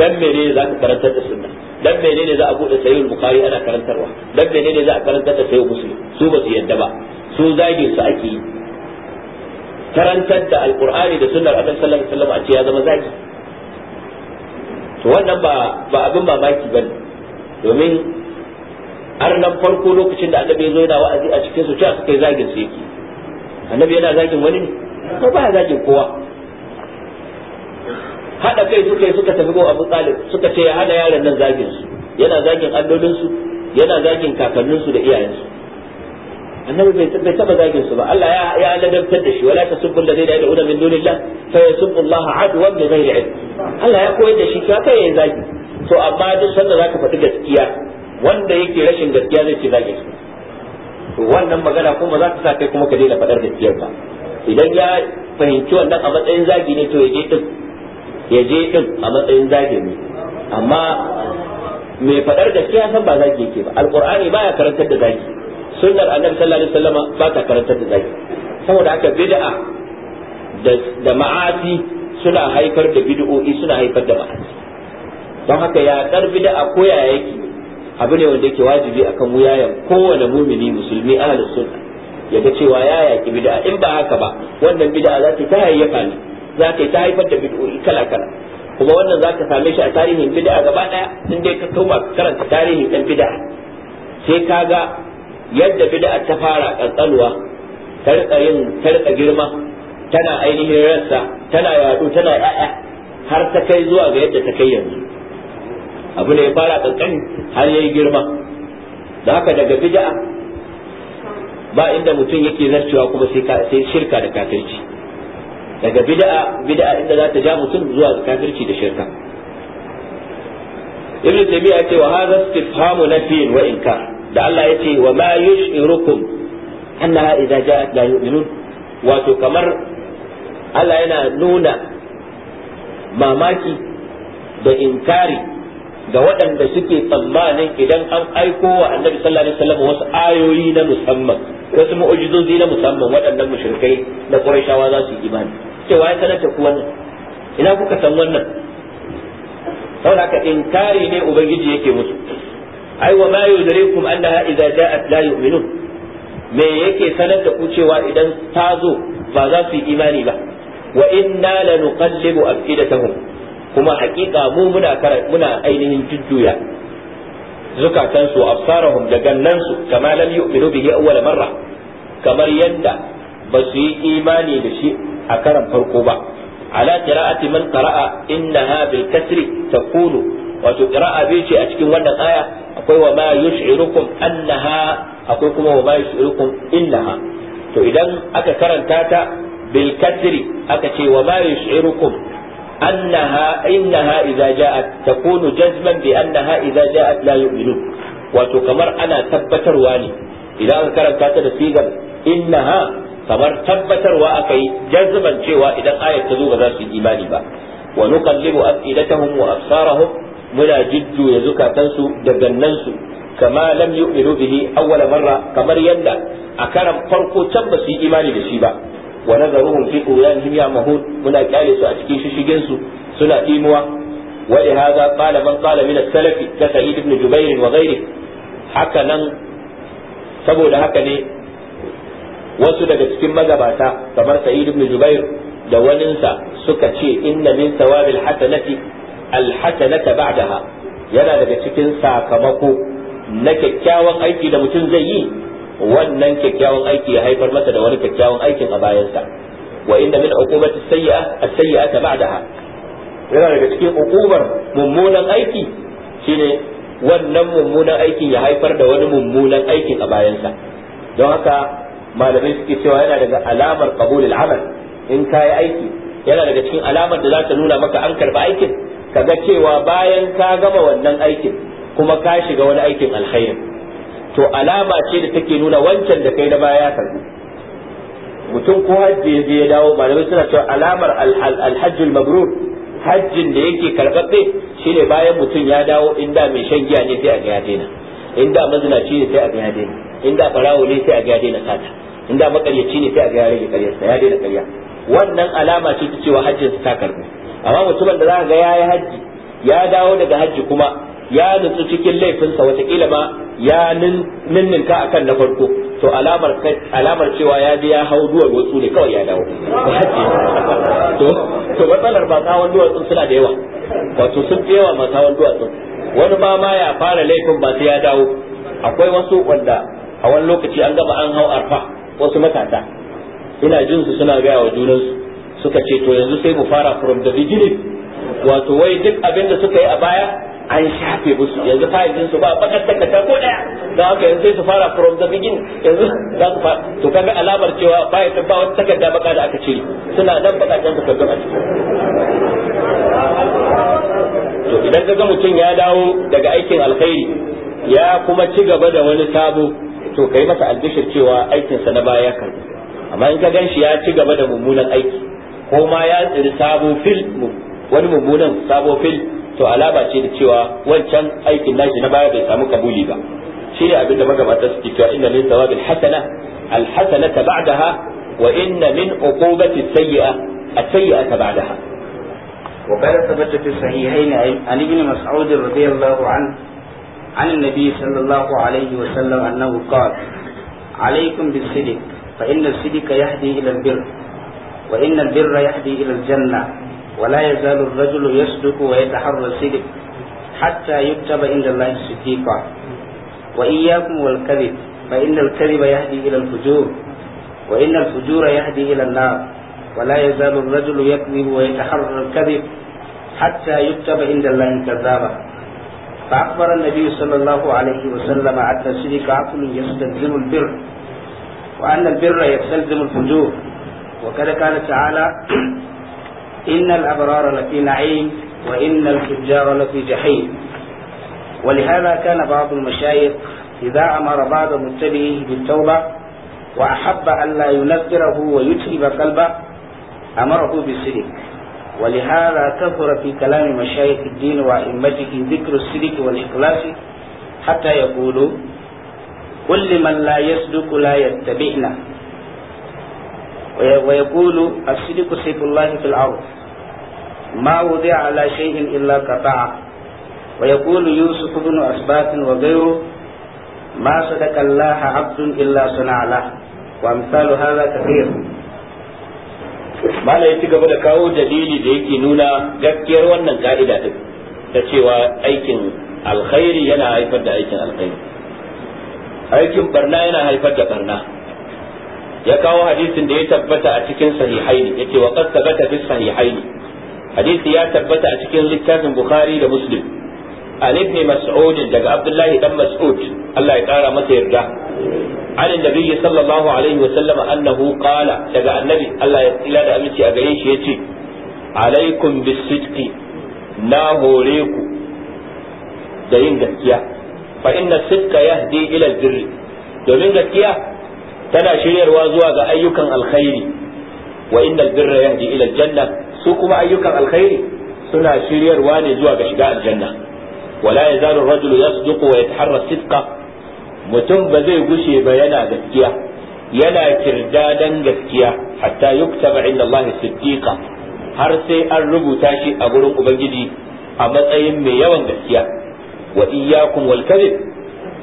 dan menene zaka karantar da sunna dan menene za a bude sayyid bukhari ana karantarwa dan menene za a karantar da sayyid muslim su ba su yadda ba su zage su ake yi karantar da alqur'ani da sunnar annabi sallallahu alaihi wasallam a ce ya zama zagi to wannan ba ba abin mamaki bane domin har nan farko lokacin da annabi ya zo yana wa'azi a cikin su ce suka yi zagin su yake annabi yana zagin wani ne ko ba zagin kowa hada kai suka yi suka tafi go Abu Talib suka ce ya hada yaran nan zagin su yana zagin allolin su yana zagin kakannin su da iyayen su annabi bai taba zagin su ba Allah ya ladabtar da shi wala tasubbu alladhina yad'una min dunillah fa yasubbu Allah adwan bi ghairi ilm Allah ya koyar da shi ka kai ya zagi to amma duk sanda zaka faɗi gaskiya wanda yake rashin gaskiya zai ce zage su to wannan magana kuma za ta sa kai kuma ka daina faɗar gaskiyar ka. idan ya fahimci wannan a matsayin zagi ne to ya je din yaje din a matsayin zagi ne amma mai faɗar gaskiya san ba zagi yake ba alqur'ani baya karantar da zagi sunnar annabi sallallahu alaihi wasallama ba ta karantar da zagi saboda haka bid'a da ma'asi suna haifar da bid'o'i suna haifar da ma'asi don haka ya dar bid'a ko yaya yake abu ne wanda yake wajibi akan wuyayen kowane mumini musulmi ahli sunna ya ga cewa ya yaki bid'a in ba haka ba wannan bid'a za ta ta hayyafa ne za ta ta haifar da bid'o'i kala kala kuma wannan za ka same shi a tarihin bid'a gaba daya in dai ka koma karanta tarihin dan bid'a sai ka ga yadda bid'a ta fara kankanuwa ta rika yin ta rika girma tana ainihin rassa tana yadu tana ya'ya har ta kai zuwa ga yadda ta kai yanzu abu ne ya fara kankani har yayi girma da haka daga bid'a ba inda mutum yake zarcewa kuma sai shirka da kafirci daga bid'a bid'a inda za ta ja mutum zuwa kafirci da shirka ibnu taymiya ce wa hadha istifhamu nafiyin wa inkar da Allah yace wa ma yushirukum annaha idza ja'at la yu'minun wato kamar Allah yana nuna mamaki da inkari ga waɗanda suke tsammanin idan an aiko wa annabi sallallahu alaihi wasallam wasu ayoyi na musamman wasu mu'ujizozi na musamman waɗannan mushrikai da qurayshawa za su yi imani cewa ya sanata ku wannan ina kuka san wannan saboda haka inkari ne ubangiji yake musu ai wa ma yudrikum annaha idza ja'at la yu'minun me yake sanar da ku cewa idan ta zo ba za su yi imani ba wa inna lanuqallibu afidatahum kuma hakika mu muna muna ainihin jujjuya zukatansu absarahum da gannansu kama lam yu'minu bihi awwal marra kamar yadda ba su yi imani da shi a karan farko ba ala qira'ati man qara'a innaha bil kasri takunu wato qira'a bi ce a cikin wannan aya akwai wa ma yush'irukum annaha akwai kuma wa ma yush'irukum innaha to idan aka karanta ta bil kasri aka ce wa ma yush'irukum annaha innaha idza ja'at takunu jazman bi annaha idza ja'at la wato kamar ana tabbatarwa ne idan aka karanta ta da sigar innaha kamar tabbatarwa aka yi jazman cewa idan ayat ta zo ba za su yi imani ba wa nuqallibu afidatahum wa absarahum muna jujjuya zukatansu da gannansu kama lam yu'minu bihi awwal marra kamar yadda a karan farko can ba su yi imani da shi ba wa nazaruhum fi quyanihim ya'mahun muna kyale su a cikin shishigin su suna dimuwa wa li hadha qala man qala min as-salaf ka sa'id ibn jubair wa ghayrih haka nan saboda haka ne wasu daga cikin magabata kamar sa'id ibn jubair da waninsa suka ce inna min thawabil hasanati alhasanata ba'daha yana daga cikin sakamako na kyakkyawan aiki da mutum zai yi wannan kyakkyawan aiki ya haifar masa da wani kyakkyawan aikin a bayansa wa inda min hukumatu sayyi'a as ta ba'daha yana daga cikin hukumar mummunan aiki shine wannan mummunan aikin ya haifar da wani mummunan aikin a bayansa don haka malamai suke cewa yana daga alamar qabulul amal in kai aiki yana daga cikin alamar da za ta nuna maka an karba aikin kaga cewa bayan ka gama wannan aikin kuma ka shiga wani aikin alkhairi to alama ce da take nuna wancan da kai na baya ya karbi mutum ko hajji ya je ya dawo malamai suna cewa alamar alhajji mabrur hajjin da yake karɓaɓɓe shine bayan mutum ya dawo inda mai shan giya ne sai a ga ya daina inda mazinaci ne sai a ga ya daina inda farawo ne sai a ga ya daina sata inda makaryaci ne sai a ga ya rage karyarsa ya daina karya wannan alama ce ta cewa hajjin ta karbi amma mutumin da za ga ya yi hajji ya dawo daga hajji kuma ya nutsu cikin laifinsa wataƙila ma ya ninninka akan na farko to alamar alamar cewa ya je ya hau duwar wasu ne kawai ya dawo to to matsalar ba tsawon duwatsun suna da yawa wato sun fi yawa masu hawan duwatsun wani ma ma ya fara laifin ba sai ya dawo akwai wasu wanda a wani lokaci an gaba an hau arfa wasu matasa ina jin su suna gaya wa junansu suka ce to yanzu sai mu fara from the beginning wato wai duk abin da suka yi a baya an shafe musu yanzu fayil din su ba bakar takarda ko daya da haka yanzu sai su fara from the beginning yanzu za su fara to kaga alamar cewa fayil din ba wata takarda baka da aka cire suna nan bakakken takardun a ciki to idan kaga mutum ya dawo daga aikin alkhairi ya kuma ci gaba da wani sabo to kai masa albishir cewa aikinsa na baya kan amma in ka gan shi ya ci gaba da mummunan aiki ko ma ya tsiri sabo fil wani mummunan sabo fil to alaba ce da cewa wancan aikin nashi na baya bai samu kabuli ba shi ne abinda magabata suke cewa inna min thawabil hasana al hasanata ba'daha wa inna min uqubati sayyi'a as sayyi'ata ba'daha وقد ثبت في الصحيحين عن ابن مسعود رضي الله عنه عن النبي صلى الله عليه وسلم أنه قال عليكم بالصدق فإن الصدق يهدي إلى البر وإن البر يهدي إلى الجنة ولا يزال الرجل يصدق ويتحرى الصدق حتى يكتب عند الله صديقا وإياكم والكذب فإن الكذب يهدي إلى الفجور وإن الفجور يهدي إلى النار ولا يزال الرجل يكذب ويتحرى الكذب حتى يكتب عند الله كذابا فأخبر النبي صلى الله عليه وسلم أن الصدق عقل يستلزم البر وأن البر يستلزم الفجور وكذا قال تعالى إن الأبرار لفي نعيم وإن الفجار لفي جحيم ولهذا كان بعض المشايخ إذا أمر بعض متبعيه بالتوبة وأحب أن لا ينفره ويتعب قلبه أمره بالسلك ولهذا كثر في كلام مشايخ الدين وأئمته ذكر السلك والإخلاص حتى يقولوا كل من لا يصدق لا يتبعنا ويقول السلك سيف الله في الأرض ما وضع على شيء إلا قطعه ويقول يوسف بن أسباط وغيره ما صدق الله عبد إلا صنع له وأمثال هذا كثير Mala ya ci gaba da kawo dalili da yake nuna gaskiyar wannan ka'ida din ta cewa aikin alkhairi yana haifar da aikin alkhairi. Aikin barna yana haifar da barna. Ya kawo hadisin da ya tabbata a cikin sahihaini yace wa qad tabata bis sahihaini hadisi ya tabbata a cikin littafin bukhari da muslim an ibn mas'ud daga abdullahi dan mas'ud Allah ya kara masa yarda an annabi sallallahu alaihi wa sallama annahu qala daga annabi Allah ya tsila da aminci a gare shi yace alaikum bisidqi na hore ku da yin gaskiya fa inna sidqa yahdi ila albirri domin gaskiya tana shiryarwa zuwa ga ayyukan alkhairi wa inna albirra yahdi ila aljanna su kuma ayyukan alkhairi suna shiryarwa ne zuwa ga shiga aljanna wala yazalu ar-rajulu yasduqu wa yataharra sidqa mutum ba zai gushe ba yana gaskiya yana kirdadan gaskiya hatta yuktaba inda Allah siddiqa har sai an rubuta shi a gurin ubangiji a matsayin mai yawan gaskiya wa iyyakum wal kadhib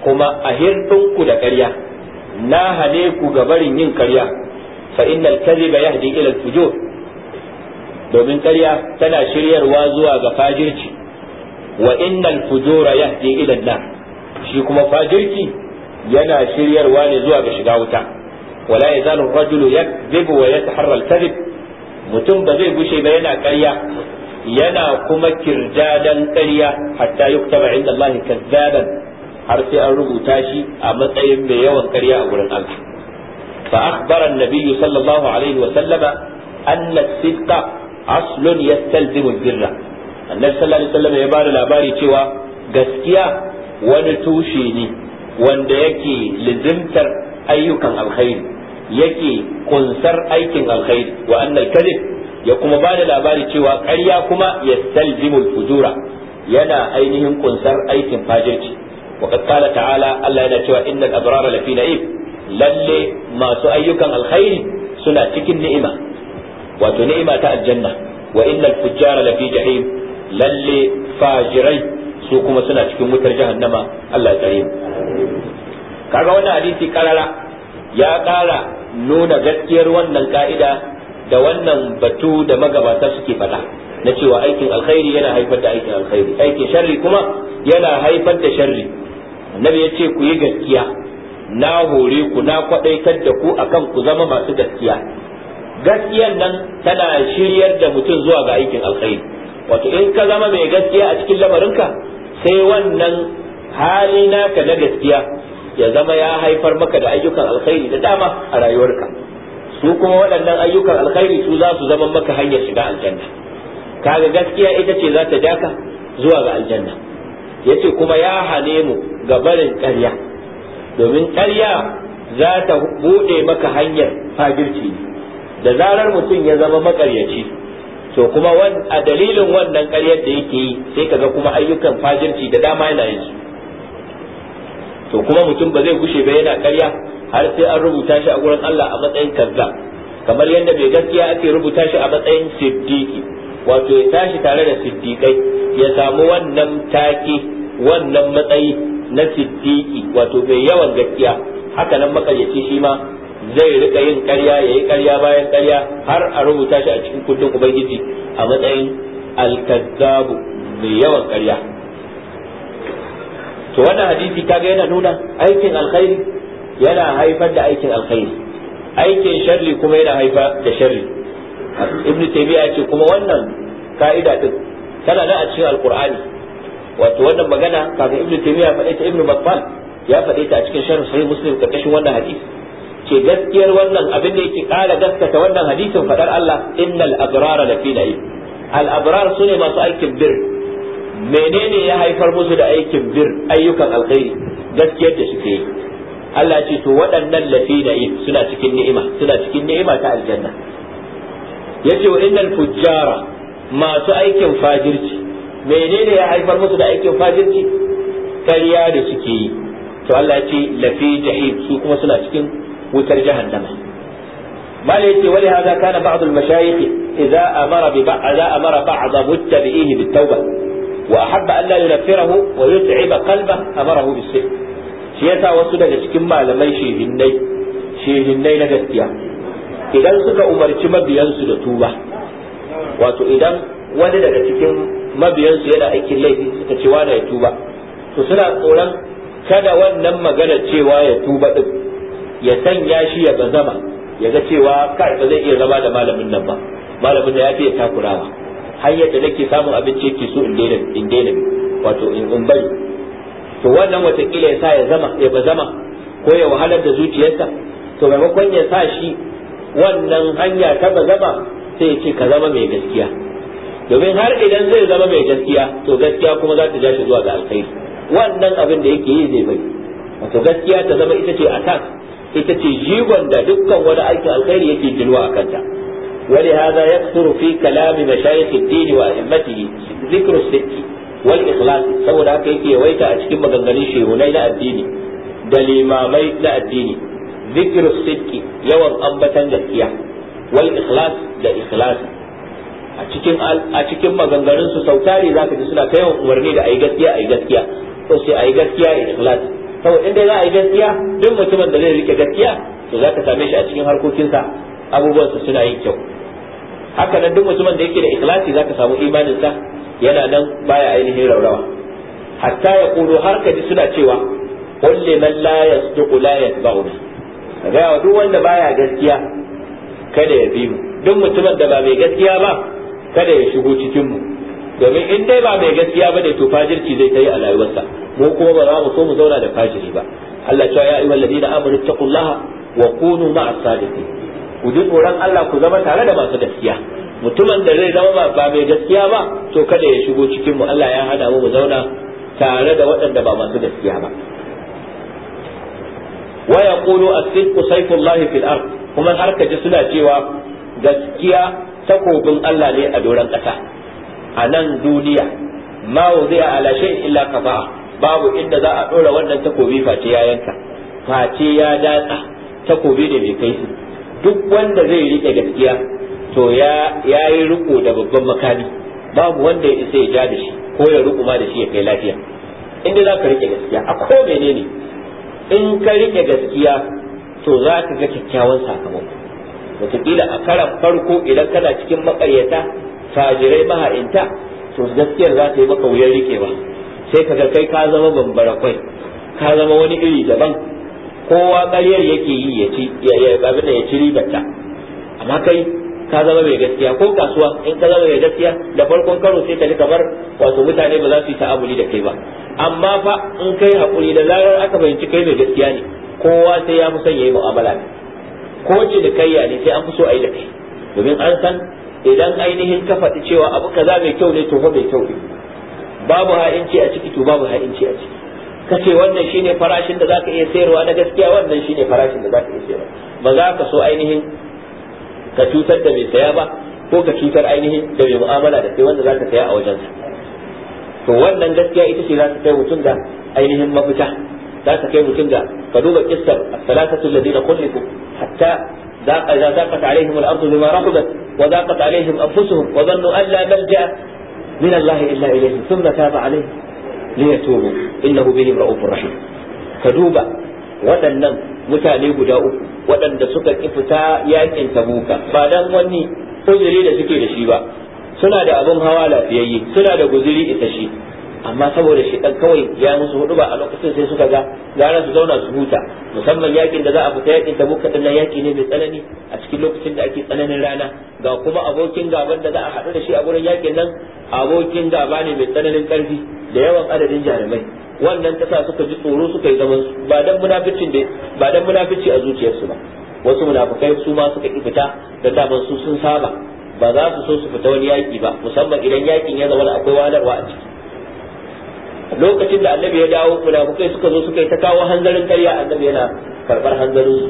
kuma a hirdinku da ƙarya na hane ku ga barin yin ƙarya fa innal kadhiba yahdi ila al fujur domin ƙarya tana shiryarwa zuwa ga fajirci wa innal fujura yahdi ila nar shi kuma fajirci yana shiryarwa ne zuwa ga shiga wuta wala yazalu rajulu yakdhibu wa yataharra al-kadhib mutum ba zai gushe ba yana ƙarya yana kuma kirdadan ƙarya hatta yuktaba inda Allah kazzaban har sai an rubuta shi a matsayin mai yawan ƙarya a gurin Allah fa akhbara an-nabiy sallallahu alaihi wa sallama anna as-sidqa aslun yastalzimu birra annabi sallallahu alaihi wasallam ya bada labari cewa gaskiya wani tushe ne wanda yake lizimtar ayyukan alkhairi yake kunsar aikin alkhairi wa annal kadhib ya kuma bada labari cewa ƙarya kuma yastalzimu fujura yana ainihin kunsar aikin fajirci وقد قال ta'ala allah yana cewa innal abrara lafi na'im lalle masu ayyukan alkhairi suna cikin ni'ima wato ni'ima ta aljanna wa innal fujjara lafi jahim lalle fajirai su kuma suna cikin wutar jahannama Allah tsare mu kaga wannan hadisi karara ya kara nuna gaskiyar wannan ka'ida da wannan batu da magabata suke faɗa na cewa aikin alkhairi yana haifar da aikin alkhairi aikin sharri kuma yana haifar da sharri annabi ya ce ku yi gaskiya na hore ku na kwadaitar da ku akan ku zama masu gaskiya gaskiyan nan tana shiryar da mutum zuwa ga aikin alkhairi wato in ka zama mai gaskiya a cikin lamarinka sai wannan hali naka na gaskiya ya zama ya haifar maka da ayyukan alkhairi da dama a rayuwarka su kuma waɗannan ayyukan alkhairi su za su zama maka hanyar shiga aljanna kaga gaskiya ita ce za ta jaka zuwa ga aljanna Ya ce kuma ya hane mu ga barin ƙarya domin ƙarya za ta buɗe maka hanyar fagirci ne da zarar mutum ya zama makaryaci to kuma a dalilin wannan karyar da yake yi sai kaga kuma ayyukan fajirci da dama yana yin su to kuma mutum ba zai gushe ba yana karya har sai an rubuta shi a gurin Allah a matsayin kaza, kamar yadda bai gaskiya ake rubuta shi a matsayin siddiqi wato ya tashi tare da siddiqai ya samu wannan take wannan matsayi na siddiqi wato mai yawan gaskiya haka nan makaryaci shi ma zai rika yin ƙarya yi ƙarya bayan ƙarya har a rubuta shi a cikin kundin ubangiji a matsayin alkazabu mai yawan ƙarya to wannan hadisi kaga yana nuna aikin alkhairi yana haifar da aikin alkhairi aikin sharri kuma yana haifar da sharri ibn taymiya ce kuma wannan ka'ida din tana da a cikin alkur'ani wato wannan magana kafin ibn taymiya faɗe ta ibn battal ya faɗe ta a cikin sharh sahih muslim karkashin wannan hadisi ke gaskiyar wannan abin da yake kara gaskata wannan hadisin faɗar Allah innal abrara lafi na'im al abrar sune masu aikin bir menene ya haifar musu da aikin bir ayyukan alkhairi gaskiyar da suke yi Allah ce to waɗannan lafi na'im suna cikin ni'ima suna cikin ni'ima ta aljanna yace wa innal fujjara masu aikin fajirci menene ya haifar musu da aikin fajirci Karya da suke yi to Allah ce lafi jahim su kuma suna cikin wutar jahannama mala yace wali hada kana ba'd al-mashayikh idza amara bi idza amara ba'd muttabi'ihi bit-tauba wa ahabba an la yunaffirahu wa yut'iba qalbahu amarahu bis-sir shi yasa wasu daga cikin malamai shehinnai shehinnai na gaskiya idan suka umarci mabiyansu da tuba wato idan wani daga cikin mabiyansu yana aikin laifi suka ce wani ya tuba to suna tsoron kada wannan magana cewa ya tuba din ya sanya shi ya bazama ya ga cewa kai ba zai iya zama da malamin nan ba malamin da ya fiye takurawa hanyar da nake samun abinci yake so in daina wato in bari to wannan watakila ya sa ya zama ya bazama ko ya wahalar da zuciyarsa to maimakon ya sa shi wannan hanya ta bazama sai ya ce ka zama mai gaskiya domin har idan zai zama mai gaskiya to gaskiya kuma za ta ja shi zuwa ga alkhairi wannan abin da yake yi zai bari wato gaskiya ta zama ita ce a ita ce jigon da dukkan wani aikin alkhairi yake jinuwa a kanta ولهذا يكثر في كلام مشايخ الدين وأئمته saboda الصدق والإخلاص سوى a يكي ويتا أشكي na addini da limamai na addini. الديني ذكر yawan يوم أنبتا wal ikhlas da إخلاص a cikin maganganun su sautari za ka ji suna kai wa umarni da ayi gaskiya ayi gaskiya ko sai gaskiya ikhlasi saboda inda za a yi gaskiya duk mutumin da zai rike gaskiya to za ka same shi a cikin harkokinsa abubuwansa suna yin kyau haka nan duk mutumin da yake da ikhlasi za ka samu imaninsa yana nan baya ainihin raurawa hatta ya kudo har ka ji suna cewa kulli man la yasduqu la yatba'una ga duk wanda baya gaskiya kada ya bi mu duk mutumin da ba mai gaskiya ba kada ya shigo cikin mu domin in dai ba mai gaskiya ba ne to fajirci zai ta yi a rayuwarsa mu kuma ba za mu so mu zauna da fajiri ba Allah cewa ya ayyuhal ladina amanu taqullaha wa kunu ma'as sadiqin ku ji tsoron Allah ku zama tare da masu gaskiya mutumin da zai zama ba mai gaskiya ba to kada ya shigo cikin mu Allah ya hada mu mu zauna tare da waɗanda ba masu gaskiya ba wa yaqulu as-sidqu sayfullahi fil ard kuma har ka ji suna cewa gaskiya takobin Allah ne a doron ƙasa a nan duniya ma wuzi a illa kafa babu inda za a ɗora wannan takobi face ya yanka face ya datsa takobi da bai kai su duk wanda zai rike gaskiya to ya yi riko da babban makami babu wanda ya isa ya ja da shi ko ya riko ma da shi ya kai lafiya inda za ka rike gaskiya a ko menene in ka rike gaskiya to za ka ga kyakkyawan sakamako wataƙila a karan farko idan kana cikin maƙaryata fajirai maha'inta to gaskiyar za ta yi maka wuyar wuyan ba, sai ka kai ka zama bambara kwai ka zama wani iri daban kowa ƙaryar yake yi ya ci ya abin da ya ci ribarta amma kai ka zama mai gaskiya ko kasuwa in ka zama mai gaskiya da farkon karo sai ka ji kamar wato mutane ba za su yi ta'amuli da kai ba amma fa in kai hakuri da zarar aka fahimci kai mai gaskiya ne kowa sai ya fi son ya yi mu'amala ne ko ce da kayya ne sai an fi so a yi da kai domin an san idan ainihin ka faɗi cewa abu kaza mai kyau ne to fa mai kyau ne babu ha'inci a ciki to babu ha'inci a ciki ka ce wannan shine farashin da zaka iya sayarwa na gaskiya wannan shine farashin da zaka iya sayarwa ba za ka so ainihin ka cutar da mai saya ba ko ka cutar ainihin da mai mu'amala da kai wanda zaka saya a wajensa to wannan gaskiya ita ce za ta kai mutum da ainihin mafita za ta kai mutum ga ka duba kissar salatatu alladhina khulifu hatta إذا ضاقت عليهم الأرض بما رحبت وضاقت عليهم أنفسهم وظنوا أن لا ملجأ من الله إلا إليه ثم تاب عليه ليتوبوا إنه بهم رؤوف Ka duba waɗannan mutane guda uku waɗanda suka ƙi fita yakin tabuka ba dan wani uzuri da suke da shi ba suna da abin hawa lafiyayye suna da guzuri isashi amma saboda shi dan kawai ya musu hudu ba a lokacin sai suka ga gara su zauna su huta musamman yakin da za a fita yakin da buƙatar dinnan yaki ne mai tsanani a cikin lokacin da ake tsananin rana ga kuma abokin gaban da za a haɗu da shi a gurin yakin nan abokin gaba ne mai tsananin karfi da yawan adadin jarumai wannan ta suka ji tsoro suka yi zaman ba dan munafici da ba dan munafici a zuciyarsu ba wasu munafikai su ma suka ki fita da daman su sun saba ba za su so su fita wani yaki ba musamman idan yakin ya zama akwai wahalarwa a ciki lokacin da annabi ya dawo munafukai suka zo suka yi ta kawo hanzarin karya annabi yana karbar hanzarin su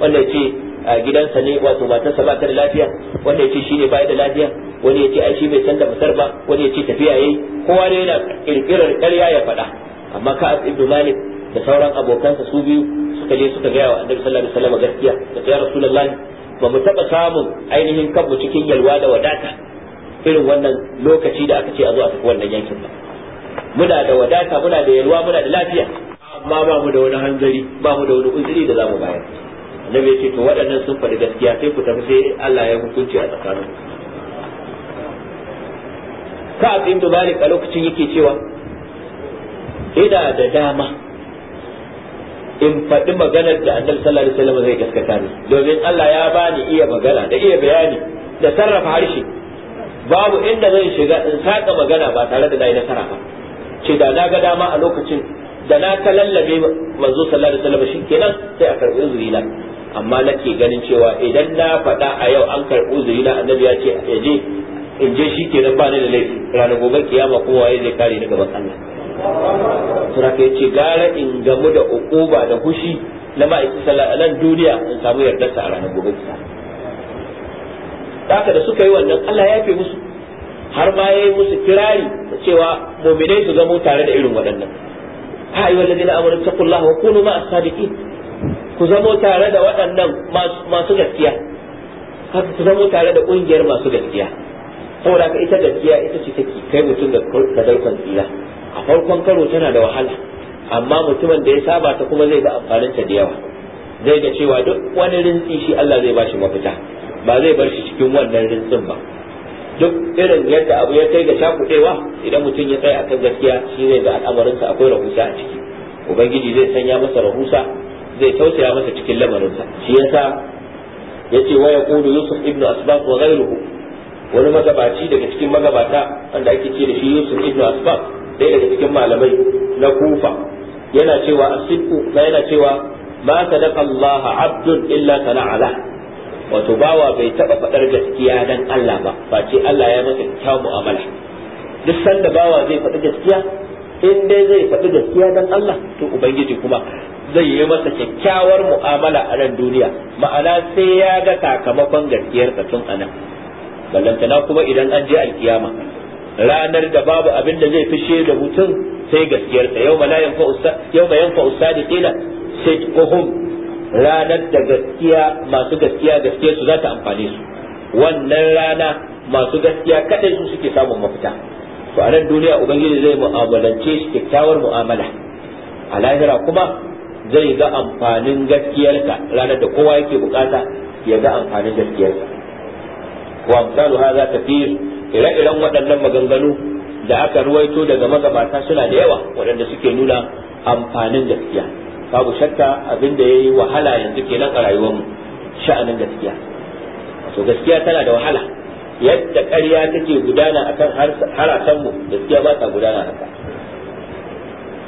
wanda ya ce a gidansa ne wato matarsa ba ta da lafiya wanda ya ce shi ne baya da lafiya wani ya ce ai shi bai san da masar ba wani ya ce tafiya yayi kowa ne yana kirkirar karya ya faɗa amma ka ibnu malik da sauran abokansa su biyu suka je suka gaya wa annabi sallallahu alaihi wasallam gaskiya da ya rasulullahi ba mu taba samun ainihin kanmu cikin yalwa da wadata irin wannan lokaci da aka ce a zo a tafi wannan yankin ba muna da wadata muna da yalwa muna da lafiya amma ba mu da wani hanzari ba mu da wani uzuri da za mu bayar annabi ya ce to waɗannan sun faɗi gaskiya sai ku tafi sai Allah ya hukunci a tsakanin Ka'ab ibn Malik a lokacin yake cewa ina da dama in faɗi maganar da annabi sallallahu alaihi wasallam zai gaskata ni domin Allah ya bani iya magana da iya bayani da sarrafa harshe babu inda zan shiga in saka magana ba tare da yi nasara ba ce da na ga dama a lokacin da na ta lallabe manzo sallallahu alaihi wasallam shikenan sai a karbi na amma nake ganin cewa idan na faɗa a yau an karbi na annabi ya ce ya je in je shikenan ba ni da laifi ranar gobe kiyama kuma waye zai kare ni gaban Allah sura ke ce gara in gamu da ukuba da hushi na ma'aikin sallallahu alaihi duniya in samu yardarsa a ranar gobe kiyama da suka yi wannan Allah ya fi musu har ma ya yi musu kirari da cewa mu'minai su zamo tare da irin waɗannan ha ayyuhal ladina amanu taqullaha wa kunu ma'as sadiqin ku zamo tare da waɗannan masu gaskiya haka ku zamo tare da ƙungiyar masu gaskiya saboda ka ita gaskiya ita ce take kai mutum da ɗaukan tsira a farkon karo tana da wahala amma mutumin da ya saba ta kuma zai ga amfanin ta da yawa zai ga cewa duk wani rintsi shi Allah zai ba shi mafita ba zai bar shi cikin wannan rintsin ba duk irin yadda abu ya kai ga shakuɗewa idan mutum ya tsaya akan gaskiya shi zai ga al'amarinsa akwai rahusa a ciki ubangiji zai sanya masa rahusa zai tausaya masa cikin lamarinsa shi yasa yace wa yaqulu yusuf ibnu asbaq wa ghayruhu wani magabaci daga cikin magabata wanda ake ce da shi yusuf ibnu asbaq ɗaya daga cikin malamai na kufa yana cewa asibu yana cewa ma sadaqa allah abdun illa sana'ala wato bawa bai taba faɗar gaskiya dan Allah ba face Allah ya masa kyawun mu'amala duk sanda bawa zai faɗi gaskiya in dai zai faɗi gaskiya dan Allah to ubangiji kuma zai yi masa kyakkyawar mu'amala a nan duniya ma'ana sai ya ga sakamakon gaskiyar ka tun anan ballantana kuma idan an je alkiyama ranar da babu abin da zai fishe da mutum sai gaskiyarsa yau ma yanfa usadiqina sidquhum ranar da gaskiya masu gaskiya gaskiya su za ta amfane su wannan rana masu gaskiya kadai su suke samun mafita to a nan duniya ubangiji zai mu'amalance shi kyakkyawar mu'amala a lahira kuma zai ga amfanin gaskiyarka ranar da kowa yake bukata ya ga amfanin gaskiyarka wa amsalu hadha fi ire-iren waɗannan maganganu da aka ruwaito daga magabata suna da yawa waɗanda suke nuna amfanin gaskiya babu shakka abin da yayi wahala yanzu kenan a rayuwarmu sha'anin gaskiya to gaskiya tana da wahala yadda ƙarya take gudana akan harasan mu gaskiya ba ta gudana haka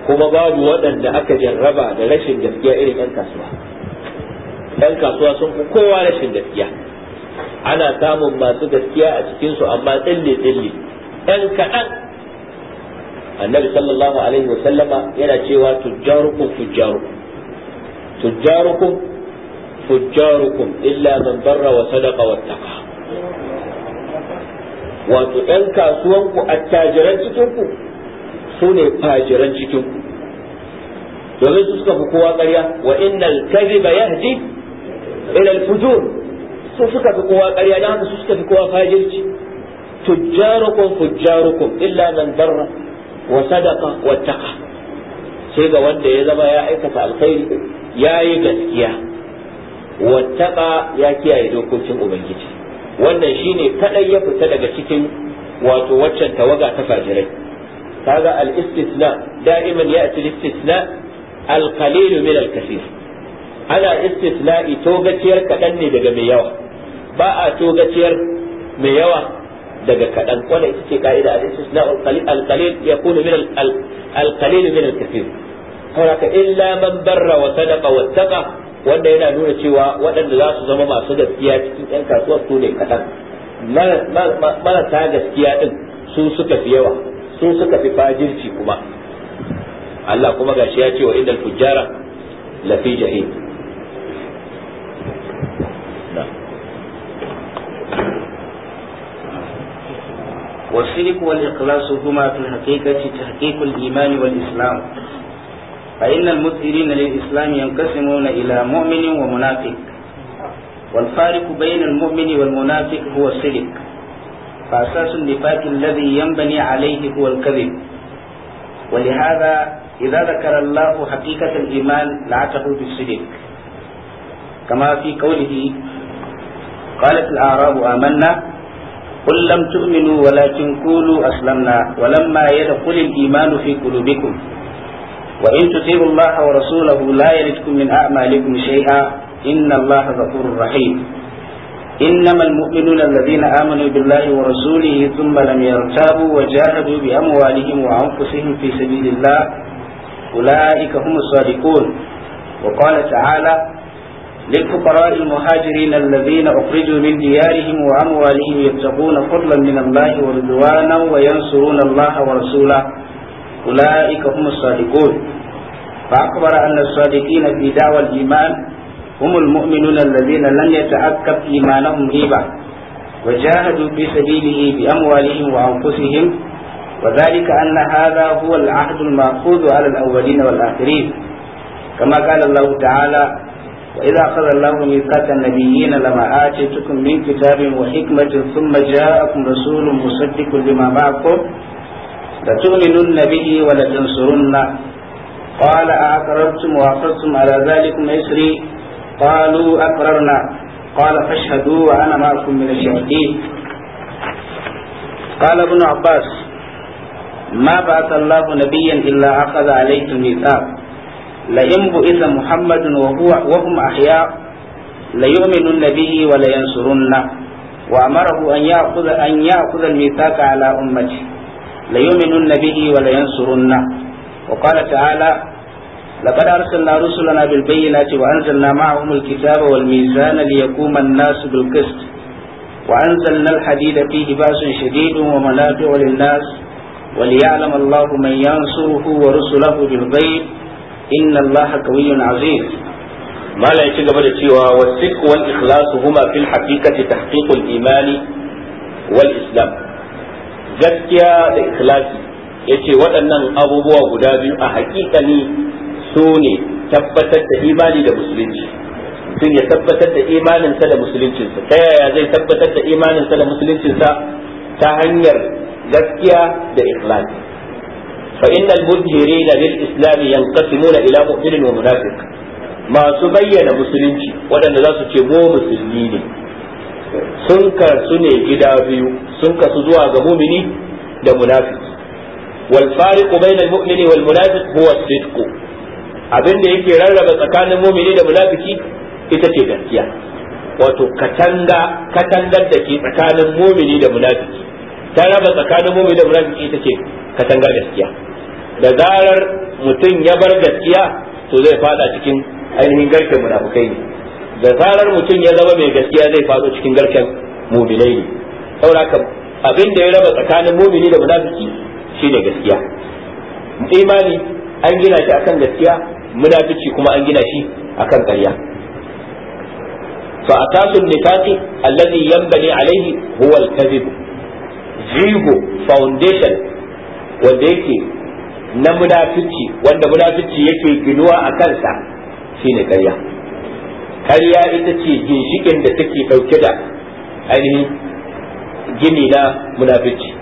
kuma babu waɗanda aka jarraba da rashin gaskiya irin 'yan kasuwa Ɗan kasuwa sun fi kowa rashin gaskiya ana samun masu gaskiya a cikinsu amma tsalle-tsalle ɗan kaɗan annabi sallallahu alaihi wasallama yana cewa tujjarukum tujjaru. tujjarukum tujjarukum illa man barra wa sadaqa wattaqa wato ɗan kasuwanku a attajiran cikinku su ne fajiran cikinku domin su suka fi kowa ƙarya wa innal kadhiba yahdi ila al-fujur su suka fi kowa ƙarya dan haka su suka fi kowa fajirci tujjarukum fujjarukum illa man barra wa sadaqa wattaqa sai ga wanda ya zama ya aikata alkhairi ya yi gaskiya wattaka ya kiyaye dokokin ubangiji wannan shine kadai ya fita daga cikin wato waccan tawaga ta fajirai kaga al-istisna da'iman ya'ti al-istisna al-qalil min al-kathir ana istisna'i togaciyar kadan ne daga mai yawa ba a togaciyar mai yawa daga kadan wannan ita ce ka'ida al-istisna al-qalil yakunu min al-qalil min al-kathir haka illa man barra wa sadaqa wa taqa wanda yana nuna cewa waɗanda za su zama masu gaskiya cikin ɗan kasuwar su ne kaɗan marasa gaskiya ɗin su suka fi yawa su suka fi fajirci kuma Allah kuma gashi ya ce wa innal fujjara lafi jahim والشرك والإخلاص هما في الحقيقة تحقيق الإيمان والإسلام فإن المسئلين للإسلام ينقسمون إلى مؤمن ومنافق والفارق بين المؤمن والمنافق هو الشرك فأساس النفاق الذي ينبني عليه هو الكذب ولهذا إذا ذكر الله حقيقة الإيمان لعته بالشرك كما في قوله قالت الأعراب آمنا قل لم تؤمنوا ولكن قولوا أسلمنا ولما يدخل الإيمان في قلوبكم وإن تطيعوا الله ورسوله لا يلدكم من أعمالكم شيئا إن الله غفور رحيم إنما المؤمنون الذين آمنوا بالله ورسوله ثم لم يرتابوا وجاهدوا بأموالهم وأنفسهم في سبيل الله أولئك هم الصادقون وقال تعالى للفقراء المهاجرين الذين أخرجوا من ديارهم وأموالهم يبتغون فضلا من الله ورضوانا وينصرون الله ورسوله أولئك هم الصادقون فأخبر أن الصادقين في دعوى الإيمان هم المؤمنون الذين لم يتعكب إيمانهم ريبة وجاهدوا في سبيله بأموالهم وأنفسهم وذلك أن هذا هو العهد المأخوذ على الأولين والآخرين كما قال الله تعالى وإذا أخذ الله ميثاق النبيين لما آتيتكم من كتاب وحكمة ثم جاءكم رسول مصدق لما معكم لتؤمنن به ولتنصرنه قال أأقررتم وأقررتم على ذلكم إسري قالوا أقررنا قال فاشهدوا وأنا معكم من الشهدين قال ابن عباس ما بعث الله نبيا إلا أخذ عليه الميثاق لئن بعث محمد وهو وهم أحياء ليؤمنن به ولينصرنه وأمره أن يأخذ أن يأخذ الميثاق على أمته ليؤمنن به ولينصرنه وقال تعالى لقد أرسلنا رسلنا بالبينات وأنزلنا معهم الكتاب والميزان ليقوم الناس بالقسط وأنزلنا الحديد فيه بأس شديد ومنافع للناس وليعلم الله من ينصره ورسله بالغيب إن الله قوي عزيز ما لا يتجب لتيوها والصدق والإخلاص هما في الحقيقة تحقيق الإيمان والإسلام gaskiya da ikhlasi yace waɗannan abubuwa guda biyu a hakikani su ne tabbatar da imani da musulunci sun ya tabbatar da imaninsa da musuluncinsa ta yaya zai tabbatar da imaninsa da musuluncinsa ta hanyar gaskiya da ikhlasi fa innal mujhirina lil islam yanqasimuna ila mu'minin wa munafiq masu bayyana musulunci waɗanda za su ce mu musulmi ne sun kasu ne gida biyu sun kasu zuwa ga mumini da munafiki wal fariqu bainal mu'mini wal munafiq huwa sidqu abin da yake rarraba tsakanin mumini da munafiki ita ce gaskiya wato katanga katangar da ke tsakanin mumini da munafiki ta raba tsakanin mumini da munafiki ita ce katangar gaskiya da zarar mutum ya bar gaskiya to zai fada cikin ainihin garke munafukai ne da zarar mutum ya zama mai gaskiya zai faɗo cikin garken mu'minai ne saboda abin da ya raba tsakanin mu'mini da munafiki shine gaskiya imani an gina shi akan gaskiya munafici kuma an gina shi akan ƙarya فأساس النفاق الذي alaihi عليه هو الكذب jigo foundation wanda yake na munafici wanda munafici yake ginuwa a kansa shine karya ya ita ce ginshikin da take ɗauke da ainihin gini na munafici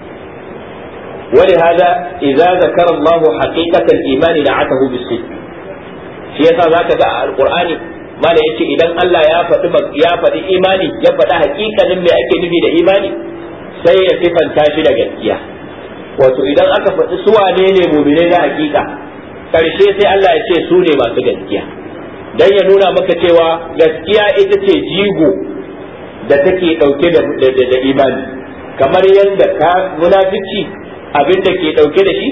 ولهذا Allah ذكر imani da aka نعته su? shi yasa zaka ga alqur'ani mala yace idan Allah ya faɗi ya faɗi imani ya faɗi haƙiƙanin me ake nufi da imani sai ya sifanta shi da gaskiya wato idan aka faɗi su wane ne mu'mine na hakika karshe sai Allah ya ce su ne masu gaskiya dan ya nuna maka cewa gaskiya ita ce jigo da take dauke da imani kamar yadda ka munafici abin da ke dauke da shi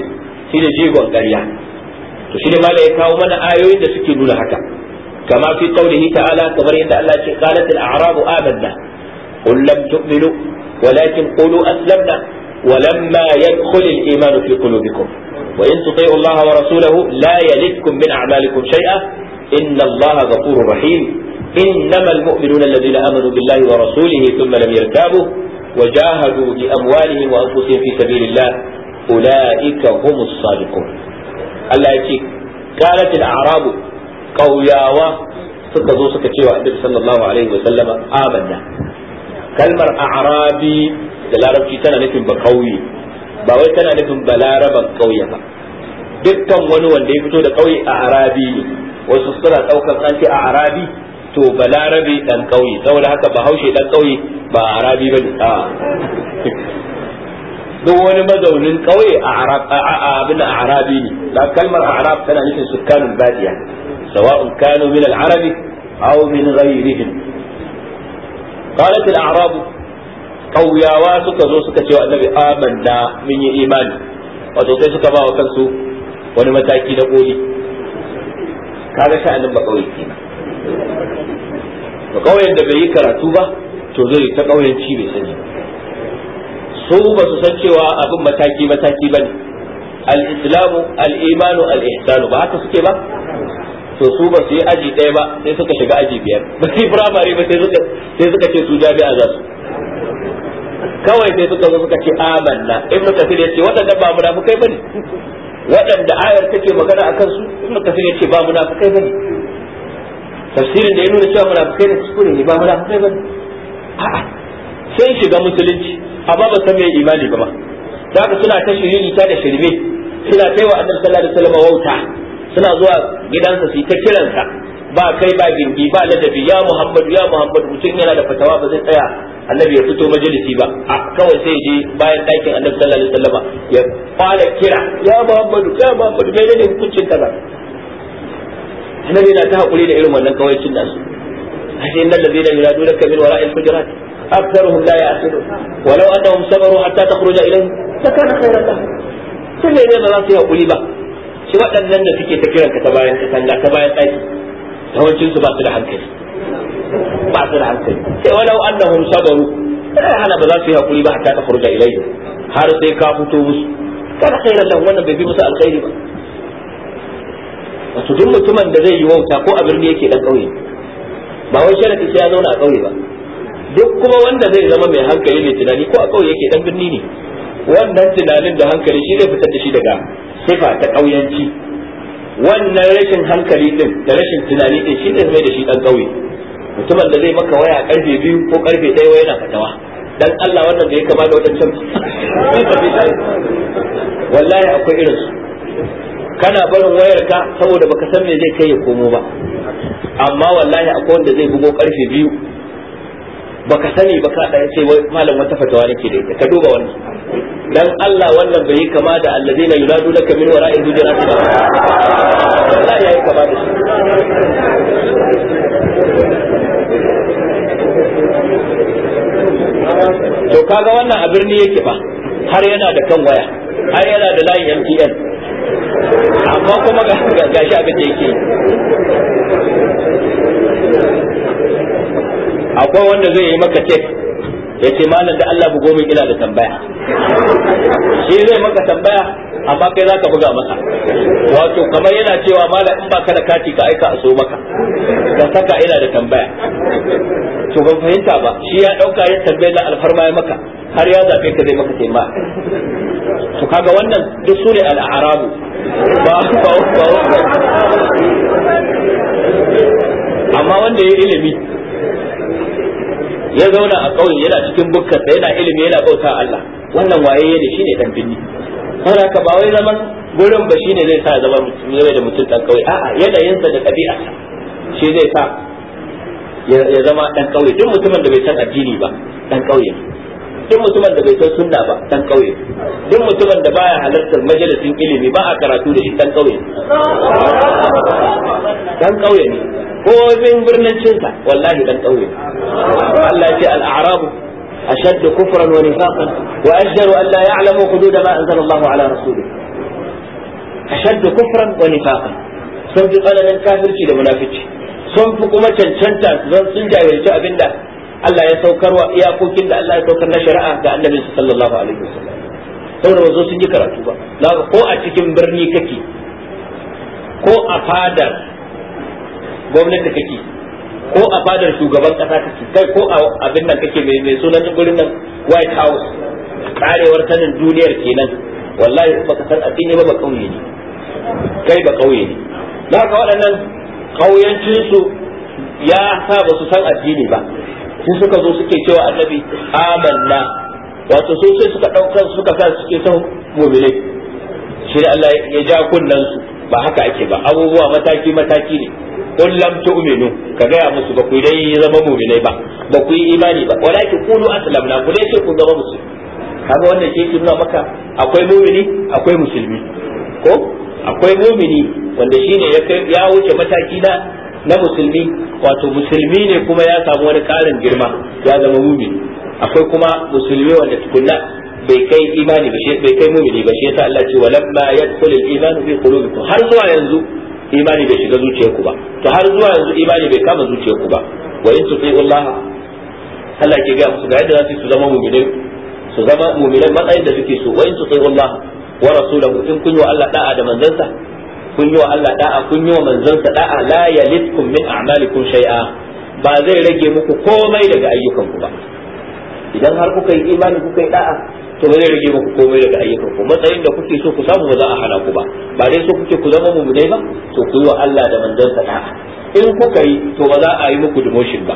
shi da jigon ƙarya to shi ne ma ya kawo mana ayoyin da suke nuna haka kama fi qaulihi ta'ala kamar yadda Allah ce qalatil arabu amanna qul lam tu'minu walakin qulu aslamna ولما يدخل الإيمان في قلوبكم وإن تطيعوا الله ورسوله لا يلدكم من أعمالكم شيئا inna allaha ghafurur rahim إنما المؤمنون الذين آمنوا بالله ورسوله ثم لم يرتابوا وجاهدوا بأموالهم وأنفسهم في سبيل الله أولئك هم الصادقون الله يتي قالت الأعراب قوياوة سكزو سكتشي النبي صلى الله عليه وسلم آمنا كلمة أعرابي دلارب تانا نفهم بقوي باوي تانا نفهم بلارب قوية دكتم ونوان دي فتو da ƙauye a arabi wasu suna daukan an ce a arabi to balarabe dan ƙauye, saboda haka bahaushe dan kauye ba arabi bane a duk wani mazaunin ƙauye a abin a arabi ne da kalmar arab tana nufin sukkanul badiya sawa'un kanu min al-arabi aw min ghayrihim قالت الأعراب ƙauyawa suka zo suka wa annabi amanna mun yi imani wato sai suka ba wa kansu wani mataki na koli kaga sha'anin bakauye kenan bakauyen da bai yi karatu ba to zai ta ci bai sani su ba su san cewa abin mataki mataki bane al-islamu al-imanu al-ihsanu ba haka suke ba to su ba su yi aji ɗaya ba sai suka shiga aji biyar ba sai firamare ba sai suka ce su jami'a za su kawai sai suka zo suka ce amanna in muka ya ce waɗannan ba mu kai ne waɗanda ayar take magana akan su ka kasir yace ba munafikai bane tafsirin da ya nuna cewa munafikai da kuskure ne ba munafikai bane a'a sun shiga musulunci amma ba san me imani ba ba zaka suna ta shiriri ta da shirme suna kaiwa annabi sallallahu alaihi wasallam wauta suna zuwa gidansa su ta kiransa ba kai ba gindi ba ladabi ya muhammadu ya muhammadu mutum yana da fatawa ba zai tsaya annabi ya fito majalisi ba a kawai sai je bayan ɗakin annabi sallallahu alaihi wasallama ya fara kira ya muhammadu ya muhammadu mai ne hukuncin kaza annabi yana ta hakuri da irin wannan kawaicin nasu ashe innal ladina yuraduna kamin wara'il hujurat aktharuhum la ya'qilun walau annahum sabaru hatta takhruja ilayhim lakana khayran lahum sai ne ba za su yi hakuri ba shi waɗannan da suke ta kiranka ta bayan ta ta bayan ɗaki yawancin su ba su da hankali ba su da hankali sai walau annahum sabaru sai hana ba za su yi hakuri ba hatta ta furga ilayhi har sai ka fito musu kada kai ran wannan bai bi musu alkhairi ba wato duk mutumin da zai yi wauta ko a birni yake dan kauye ba wai sharadi sai ya zauna a kauye ba duk kuma wanda zai zama mai hankali ne tunani ko a kauye yake dan birni ne wannan tunanin da hankali shi zai fitar da shi daga sifa ta kauyanci wannan rashin hankali din da rashin tunani din shi ne mai da shi dan kauye mutumin da zai maka waya karfe biyu ko karfe ɗaya waya yana fatawa dan Allah wannan da ya kama da wadancan wallahi akwai irin su kana barin wayarka saboda baka san me zai kai ya komo ba amma wallahi akwai wanda zai bugo karfe biyu baka sani ba ka ɗaya sai malam wata fatawa nake da ita ka duba wannan dan Allah wannan bai yi kama da allazina yunadu laka min wara'i hujurat ba da shi to kaga wannan a birni yake ba har yana da kan waya har yana da layin MTN amma kuma ga shi abin da yake akwai wanda zai yi maka tek ya ce malam da Allah bugo min ila da tambaya shi zai maka tambaya amma kai za ka buga masa wato kamar yana cewa malamin in baka da kati ka aika a so maka ka saka ina da tambaya to ban fahimta ba shi ya dauka ya tambaye da alfarma ya maka har ya zabe ka zai maka taimaka. to kaga wannan duk ne al'arabu ba ba ba amma wanda ya ilimi ya zauna a ƙauye yana cikin bukkarsa yana ilimi yana bauta Allah wannan waye ne shine dan binni saboda haka ba wai zaman gurin ba shine zai sa ya zama mai da mutum dan kauye a'a yanayinsa da ɗabi'arsa shi zai sa ya zama dan kauye duk mutumin da bai san addini ba dan kauye duk mutumin da bai san sunna ba dan kauye duk mutumin da baya halartar majalisin ilimi ba a karatu da shi dan kauye dan kauye ne ko bin birnin cinsa wallahi dan kauye Allah ya ce al-a'rabu أشد كفرا ونفاقا وأجدر أن لا يعلموا حدود ما أنزل الله على رسوله أشد كفرا ونفاقا sun fi tsananin kafirci da munafici sun fi kuma cancanta zan sun jahilci abin da Allah ya saukar wa iyakokin da Allah ya saukar na shari'a ga annabinsa sallallahu alaihi wasallam saboda ba zo sun ji karatu ba ko a cikin birni kake ko a fadar gwamnati kake ko a fadar shugaban kasa kake kai ko a abin nan kake mai mai sunan gurin nan white house karewar sanin duniyar kenan wallahi baka san addini ba ba kauye ne kai ba kauye ne ka waɗannan kauyancin su ya sa ba su san addini ba su suka zo suke cewa annabi amanna wato sosai sai suka ɗaukar suka sa suke son mu'minai shi Allah ya ja kunnan su ba haka ake ba abubuwa mataki mataki ne kullum lam uminu ka gaya musu ba ku dai zama mu'minai ba ba ku yi imani ba walakin kulu aslamna ku dai ce ku zama musulmi kaga wannan ke nuna maka akwai mu'mini akwai musulmi ko akwai mu'mini wanda shine ya ya wuce mataki na na musulmi wato musulmi ne kuma ya samu wani karin girma ya zama mu'mini akwai kuma musulmi wanda tukunna bai kai imani ba shi bai kai mumini ba shi yasa Allah ce walamma yadkhul al-iman fi qulubikum har zuwa yanzu imani bai shiga zuciyarku ba to har zuwa yanzu imani bai kama zuciyarku ba wa in tuti'ullah Allah ke ga musu ga yadda za su zama mumini su zama mumini matsayin da suke so wa in tuti'ullah wa rasulahu in kun yi wa Allah da'a da manzansa kun yi wa Allah da'a kun yi wa manzansa da'a la yalitkum min a'malikum shay'a ba zai rage muku komai daga ayyukanku ba idan har kuka yi imani kuka yi da'a to ba zai rage muku komai daga ayyukan ku matsayin da kuke so ku samu ba za a hana ku ba ba dai so kuke ku zama mu'minai ba to ku yi wa Allah da manzansa da'a in kuka yi to ba za a yi muku demotion ba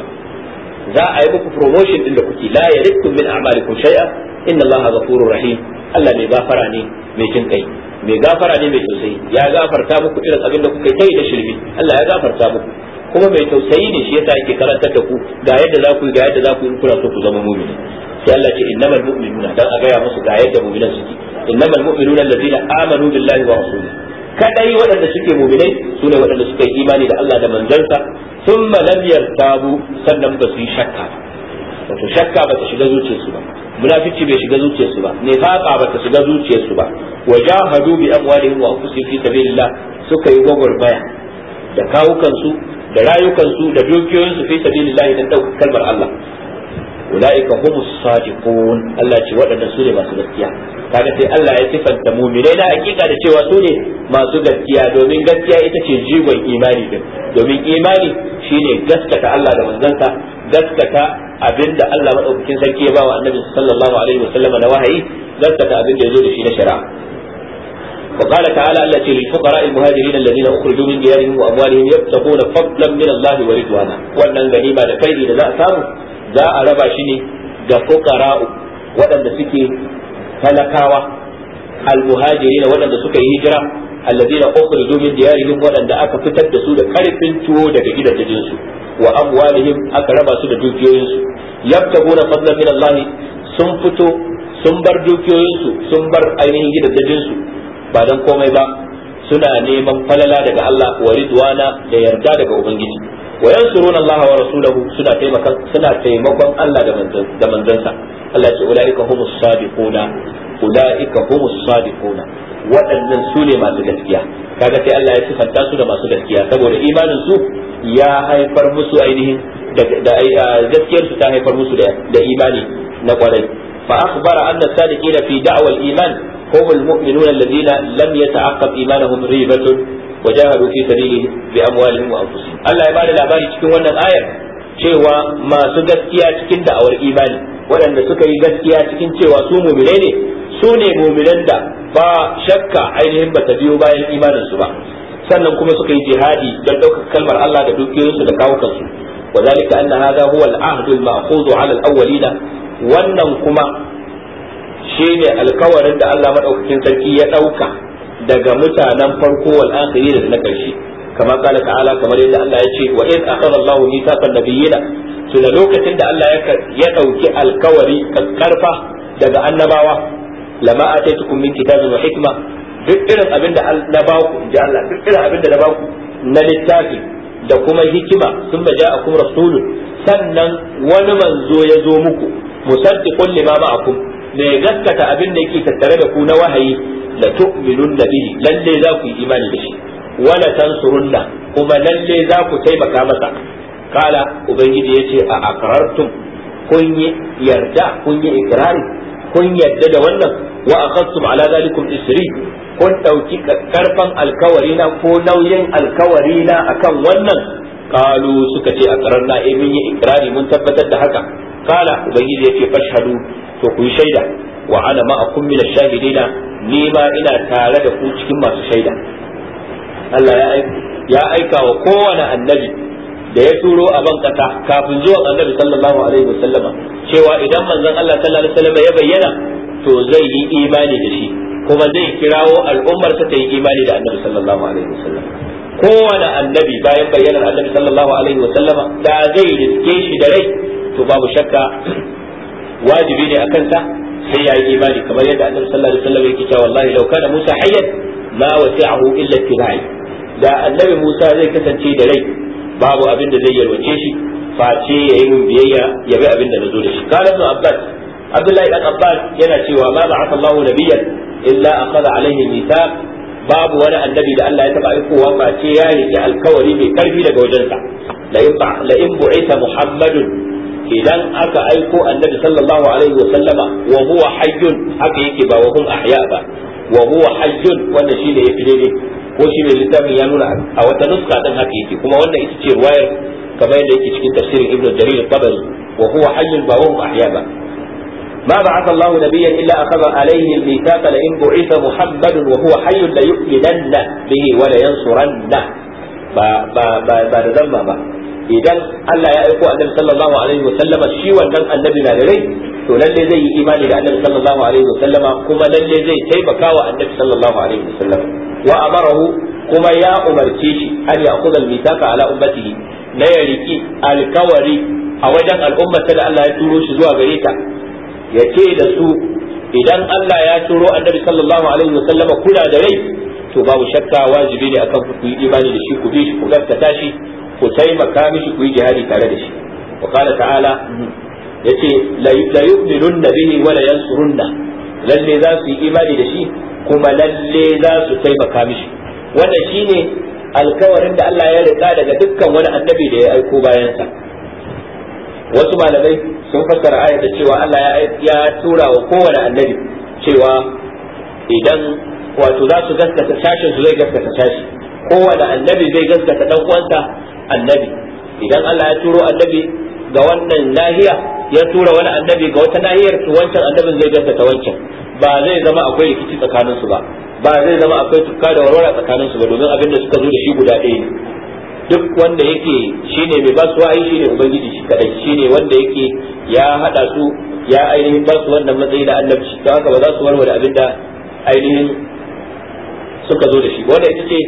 za a yi muku promotion din da kuke la yarikum min a'malikum shay'a inna Allah ghafurur rahim Allah mai gafara ne mai jin kai mai gafara ne mai tausayi ya gafarta muku irin abin da kuka yi da shirme Allah ya gafarta muku kuma mai tausayi ne shi yasa yake karantar da ku ga yadda za ku yi ga yadda za ku yi kuna so ku zama mumini sai Allah ce innamal mu'minuna dan a gaya musu ga yadda mu'minan suke innamal mu'minuna alladhina amanu billahi wa rasulihi kadai waɗanda suke mu'minai su ne waɗanda suka yi imani da Allah da manzansa thumma lam yartabu sannan ba su yi shakka wato shakka ba ta shiga zuciyarsu ba munafici bai shiga zuciyarsu ba nifaqa ba ta shiga zuciyarsu ba wajahadu bi amwalihim wa anfusihim fi sabilillah suka yi gwagwarmaya da kawukansu da rayukansu da dukiyoyinsu fi sabilillah idan daukar kalmar Allah ulaika humus sadiqun Allah ce waɗanda su ne masu gaskiya kaga sai Allah ya sifanta mu'minai na hakika da cewa su ne masu gaskiya domin gaskiya ita ce jigon imani din domin imani shine gaskata Allah da manzansa gaskata abinda Allah madaukakin sarki ya bawa annabi sallallahu alaihi wasallam na wahayi gaskata abinda ya zo da shi na shari'a وقال تعالى التي للفقراء المهاجرين الذين اخرجوا من ديارهم واموالهم يبتغون فضلا من الله ورضوانا وان غنيمه da kai da za a samu za a raba shi ne ga fuqara'u waɗanda suke talakawa al-muhajirin waɗanda suka yi hijira alladheena ukhriju min diyarihim waɗanda aka fitar da su da karfin tuwo daga gidajen su wa amwalihim aka raba su da dukiyoyin su yabtaguna fadla min Allah sun fito sun bar dukiyoyin su sun bar ainihin gidajen su ba dan komai ba suna neman falala daga Allah wa ridwana da yarda daga ubangiji wa yansuruna Allah wa rasulahu suna taimakon suna taimakon Allah da manzansa Allah ya ce ulaika humus sadiquna ulaika humus sadiquna waɗannan su ne masu gaskiya kaga sai Allah ya sifanta su da masu gaskiya saboda imanin su ya haifar musu ainihin da gaskiyar su ta haifar musu da imani na kwarai fa akhbara anna sadiqina fi da'wal iman هم المؤمنون الذين لم يتعقب إيمانهم ريبة wajahadu fi sabilihi bi amwalihim wa anfusihim Allah ya bada labari cikin wannan ayar cewa masu gaskiya cikin da'awar imani waɗanda suka yi gaskiya cikin cewa su mu'minai ne su ne mu'minan da ba shakka ainihin ba ta biyo bayan imanin su ba sannan kuma suka yi jihadi don ɗaukar kalmar Allah da dukiyoyinsu da kawukansu Wazalika أن هذا هو العهد المأخوذ auwali الأولين wannan kuma shine alkawarin da Allah madaukakin sarki ya ɗauka daga mutanen farko wal akhirin da na karshe kama kala ta'ala kamar yadda Allah ya ce wa id akhadha Allahu mithaqan nabiyina tuna lokacin da Allah ya dauki alkawari karfa daga annabawa lama ataitukum min kitabin wa hikma duk irin abin da na ba ku inji Allah duk irin abin da na ba ku na littafi da kuma hikima sun ba ja'akum rasulun sannan wani manzo ya zo muku musaddiqun lima ma'akum mai gaskata abin da yake tattare da ku na wahayi la tu'minun bihi lalle za ku yi imani da shi wala tansurunna kuma lalle za ku taimaka masa kala ubangiji yace a aqrartum kun yi yarda kun yi ikrari kun yarda da wannan wa akhadtum ala zalikum isri kun dauki karfan alkawari na ko nauyin alkawari na akan wannan Kalu suka ce aqrarna eh mun yi ikrari mun tabbatar da haka qala ubangiji yace fashhadu to ku yi shaida wa ana ma'akum min ash-shahidina ni ina tare da ku cikin masu shaida Allah ya ya aika wa kowane annabi da ya turo a ban kasa kafin zuwa annabi sallallahu alaihi wasallama cewa idan manzon Allah sallallahu alaihi wasallama ya bayyana to zai yi imani da shi kuma zai kirawo al'ummar ta ta yi imani da annabi sallallahu alaihi wasallam kowane annabi bayan bayyanar annabi sallallahu alaihi wa sallama da zai riske shi da rai to babu shakka wajibi ne akan sa sai ya yi imani kamar yadda annabi sallallahu alaihi wa sallam yake cewa wallahi law kana Musa hayyan ma wasi'ahu illa tibai da annabi Musa zai kasance da rai babu abin da zai yarwace shi face ya yi biyayya ya bi abin da nazo da shi kana ibn Abbas Abdullahi dan Abbas yana cewa ma ba'atha Allahu nabiyyan illa akhadha alaihi mithaq babu wani annabi da Allah ya taba aikowa ba ce ya rike alkawari mai karfi daga wajensa la in ba in bu'ita muhammadun idan aka aiko annabi sallallahu alaihi wa sallama wa huwa hayyun haka yake ba wa hum ahya ba wa huwa hayyun wannan shine yafi daidai ko shine ne littafin ya nuna a wata nuska dan haka yake kuma wannan ita ce ruwayar kamar yadda yake cikin tafsirin ibnu jarir tabari wa huwa hayyun ba wa hum ahya ba ما بعث الله نبيا إلا أخذ عليه الميثاق لئن بعث محمد وهو حي ليؤمنن به ولينصرنه ba ba ba ba da zamba ba idan Allah ya aiko annabi sallallahu alaihi wa sallama shi wannan annabi na da rai to lalle zai yi imani da annabi sallallahu alaihi wa sallama kuma lalle zai taimaka wa annabi sallallahu alaihi wa sallama wa amarahu kuma ya umarce shi an ya'khudha al-mithaqa ala ummatihi na ya riki alkawari a wajen al'ummar da Allah ya turo shi zuwa gare ta ya ce da su idan Allah ya turo annabi sallallahu alaihi wa sallama kuna da rai to babu shakka wajibi ne akan ku yi imani da shi ku bi shi ku gaskata shi ku taimaka mishi ku yi jihadi tare da shi wa qala ta'ala yace la yu'minunna bihi wa la yansurunna lalle za su yi imani da shi kuma lalle za su taimaka mishi wannan shine alkawarin da Allah ya rika daga dukkan wani annabi da ya aiko bayansa wasu malamai sun fassara ayat da cewa Allah ya tura wa kowane annabi cewa idan wato za su gaskata sashin su zai gaskata sashi kowane annabi zai gaskata dan uwansa annabi idan Allah ya turo annabi ga wannan nahiya ya tura wani annabi ga wata nahiyar to wancan annabin zai gaskata wancan ba zai zama akwai rikici tsakanin su ba ba zai zama akwai tukka da warwara tsakanin su ba domin abin da suka zo da shi guda ɗaya ne duk wanda yake shine mai basu ai shine ubangiji shi kadai shine wanda yake ya hada su ya ainihin basu wannan matsayi da annabci don haka ba za su warware abinda ainihin suka zo da shi wanda ita ce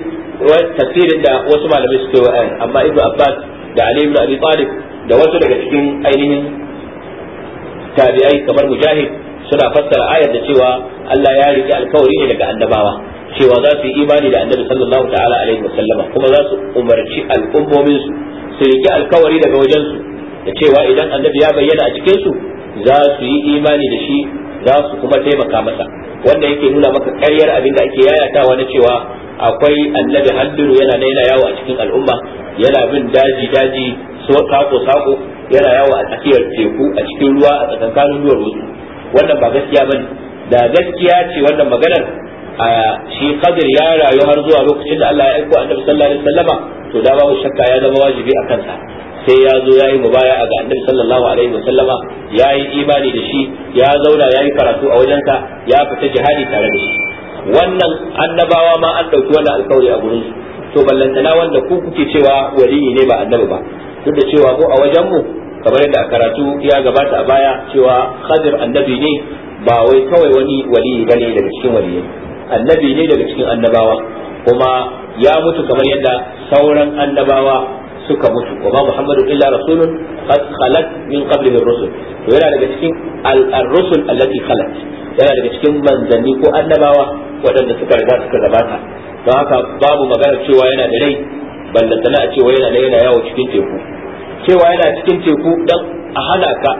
tafsirin da wasu malamai suke wa amma ibnu abbas da ali ibn abi talib da wasu daga cikin ainihin tabi'ai kamar mujahid suna fassara ayar da cewa Allah ya rike alkawari ne daga annabawa cewa za su yi imani da annabi sallallahu ta'ala alaihi wa sallama kuma za su umarci al'ummomin su su riki alkawari daga wajen su da cewa idan annabi ya bayyana a cikin su za su yi imani da shi za su kuma taimaka masa wanda yake nuna maka karyar abin da ake yayatawa na cewa akwai annabi haddiru yana naina yawo a cikin al'umma yana bin daji daji sako sako yana yawo a tsakiyar teku a cikin ruwa a tsakankanin ruwan wasu wannan ba gaskiya bane da gaskiya ce wannan maganar shi qadir ya rayu har zuwa lokacin da Allah ya aika annabi sallallahu alaihi wasallama to da babu shakka ya zama wajibi a kansa sai ya zo yayi mubaya'a ga annabi sallallahu alaihi wasallama yayi imani da shi ya zauna yayi karatu a wajensa ya fita jihadi tare da shi wannan annabawa ma an dauki wannan alƙawari a gurin to ballantana wanda ku kuke cewa waliyi ne ba annabi ba duk da cewa ko a wajen mu kamar yadda a karatu ya gabata a baya cewa khadir annabi ne ba wai kawai wani waliyi bane daga cikin waliyai annabi ne daga cikin annabawa kuma ya mutu kamar yadda sauran annabawa suka mutu kuma muhammadu illa rasulun qad khalat min qablihi ar-rusul to yana daga cikin ar-rusul allati khalat yana daga cikin manzanni ko annabawa waɗanda suka riga suka gabata don haka babu magana cewa yana da rai ballantana a cewa yana da yana yawo cikin teku cewa yana cikin teku dan a hana ka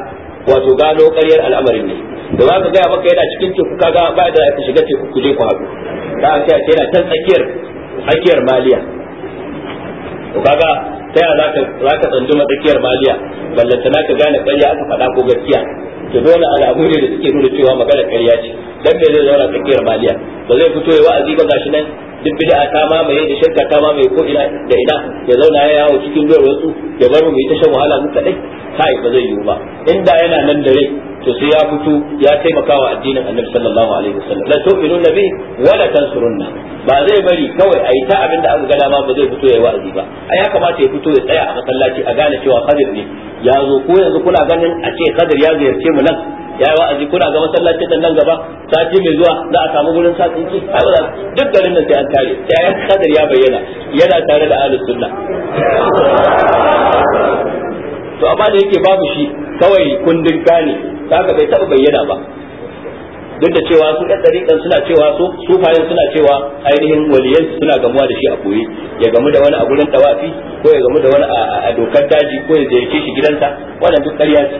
wato gano ƙaryar al'amarin ne da ba ka gaya maka yana cikin teku kaga ba da ka shiga teku ku je ku haɗu da an kai yana can tsakiyar tsakiyar maliya to kaga ta yaya zaka zaka tsanduma tsakiyar maliya ballantana ka gane ƙarya aka faɗa ko gaskiya to dole alamu ne da suke nuna cewa magana ƙarya ce dan me zai zauna tsakiyar maliya ba zai fito ya wa'azi ba gashi nan duk bid'a ta mamaye da shakka ta mamaye ko ina da ina ya zauna ya yawo cikin ruwan wasu ya bar mu yi ta shan wahala mu kadai kai ba zai yiwu ba inda yana nan da rai to sai ya fito ya taimakawa addinin Annabi sallallahu alaihi wasallam la tu'minun nabi wa la tansurunna ba zai bari kawai a yi ta abin da aka ga dama ba zai fito ya wa'azi ba A ya kamata ya fito ya tsaya a masallaci a gane cewa Khadir ne ya zo ko yanzu kuna ganin a ce Khadir ya ziyarce mu nan yayi wa'azi kuna ga masallaci ta nan gaba sati mai zuwa za a samu gurin sa tsinci duk garin nan sai an tare da an kadar ya bayyana yana tare da ahlus sunna to amma da yake babu shi kawai kundin gane saka bai taba bayyana ba duk da cewa su ɗan ɗariƙan suna cewa su sufayen suna cewa ainihin waliyan suna gamuwa da shi a koyi ya gamu da wani a gurin tawafi ko ya gamu da wani a dokar daji ko ya ziyarce shi gidansa wannan duk ƙarya ce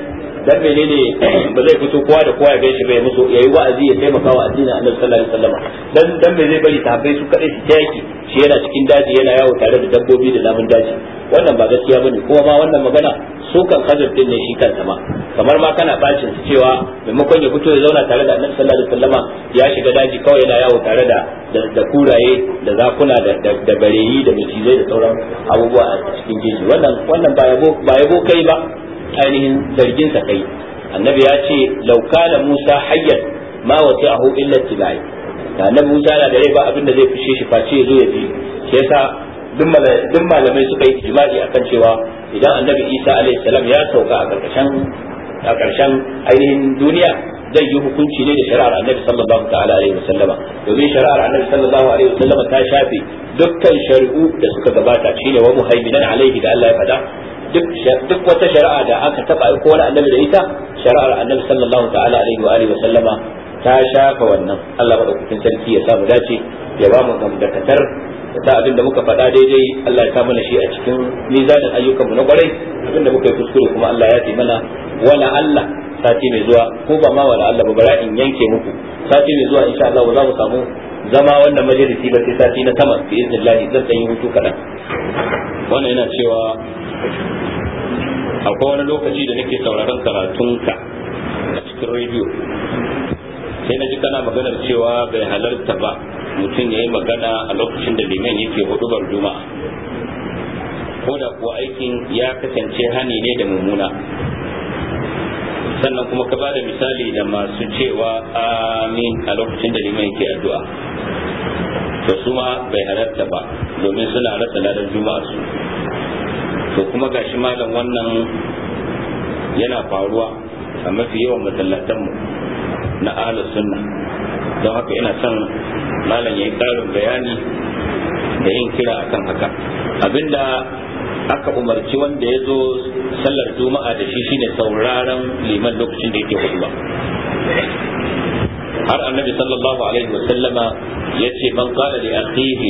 dan menene ba zai fito kowa da kowa ya gaishe bai musu yayi wa'azi ya taimaka wa addini Annabi sallallahu alaihi wasallam dan dan me zai bari sahabbai su kadai su yaki shi yana cikin daji yana yawo tare da dabbobi da namun daji wannan ba gaskiya bane kuma ma wannan magana su kan hadar din ne shi kan ma kamar ma kana bacin su cewa maimakon ya fito ya zauna tare da Annabi sallallahu alaihi wasallam ya shiga daji kawai yana yawo tare da da kuraye da zakuna da da bareyi da macizai da sauran abubuwa a cikin jeji wannan wannan ba yabo ba yabo kai ba ainihin zargin sa kai annabi ya ce laukala musa hayyar ma wasi'ahu illa tibai da annabi musa na da rai ba abin da zai fushe shi face ya zo ya bi shi yasa duk malamai suka yi jima'i akan cewa idan annabi isa alaihi salam ya sauka a karkashin a karshen ainihin duniya zai yi hukunci ne da shari'ar annabi sallallahu ta'ala alaihi wasallama domin shari'ar annabi sallallahu alaihi sallama ta shafe dukkan shari'u da suka gabata shine wa muhaiminan alaihi da Allah ya fada duk wata shari'a da aka taba aiko wani annabi da ita shari'ar annabi sallallahu ta'ala alaihi wa alihi wa sallama ta shafa wannan Allah madaukakin sarki ya samu dace ya ba mu da ta abin da muka faɗa daidai Allah ya mana shi a cikin mizanin ayyukanmu na kwarai abin da muka yi kuskure kuma Allah ya taimana mana wala Allah sati mai zuwa ko ba ma wala Allah ba bara in yanke muku sati mai zuwa insha Allah za mu samu zama wannan majalisi ba sai sati na sama bi iznillah zan yi hutu kaɗan wannan yana cewa akwai wani lokaci da nake sauraron karatunka a cikin rediyo sai na ji kana maganar cewa bai halarta ba mutum ya yi magana a lokacin da liman yake hudubar juma'a ko da kuwa aikin ya kasance hani ne da mummuna sannan kuma ka ba da misali da masu cewa amin a lokacin da liman yake addu'a to su ma bai halarta ba domin suna rasa ladan juma'a su to kuma gashi malam wannan yana faruwa a mafi yawan masallatanmu na ahlus sunna don haka ina son malam ya yi bayani da yin kira akan haka abinda aka umarci wanda ya zo sallar juma'a da shi shine sauraron liman lokacin da yake hudu har annabi sallallahu alaihi wa sallama yace man qala li akhihi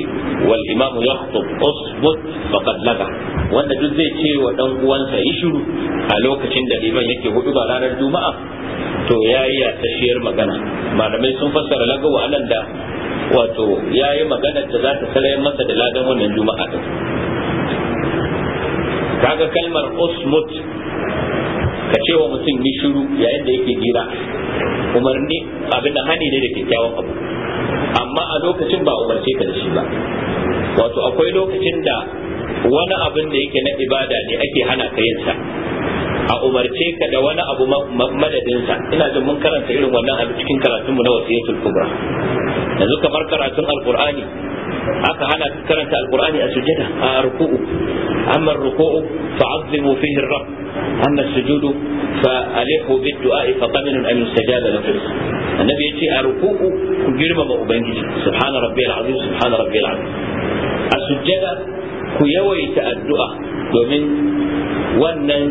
wal imam yakhutub usbut faqad laga wanda duk zai ce wa dan uwansa yi shiru a lokacin da liman yake hudu ba ranar juma'a to yayi ya tashiyar magana malamai sun fassara laga wa da wato yayi magana da za ta sarayar masa da ladan wannan juma'a din kaga kalmar usmut ka ce wa mutum yi shiru yayin da yake gira umarni abin da hani ne da kyakkyawan abu amma a lokacin ba umarce ka da shi ba wato akwai lokacin da wani abin da yake na ibada ne ake hana ka yin sa a umarce ka da wani abu madadinsa ina jin mun karanta irin wannan abu cikin karatunmu na wasu wasiyatul kubra yanzu kamar karatun alqur'ani aka hana karanta alqur'ani a sujada a ruku'u amma ruku'u fa'azzimu fihi ar-rabb amma sujudu fa fa'alihu bid-du'a fa taminu an yustajaba lakum annabi yace a ruku'u ku girmama ubangiji subhana rabbiyal azim subhana rabbiyal azim a sujada ku yawaita addu'a domin wannan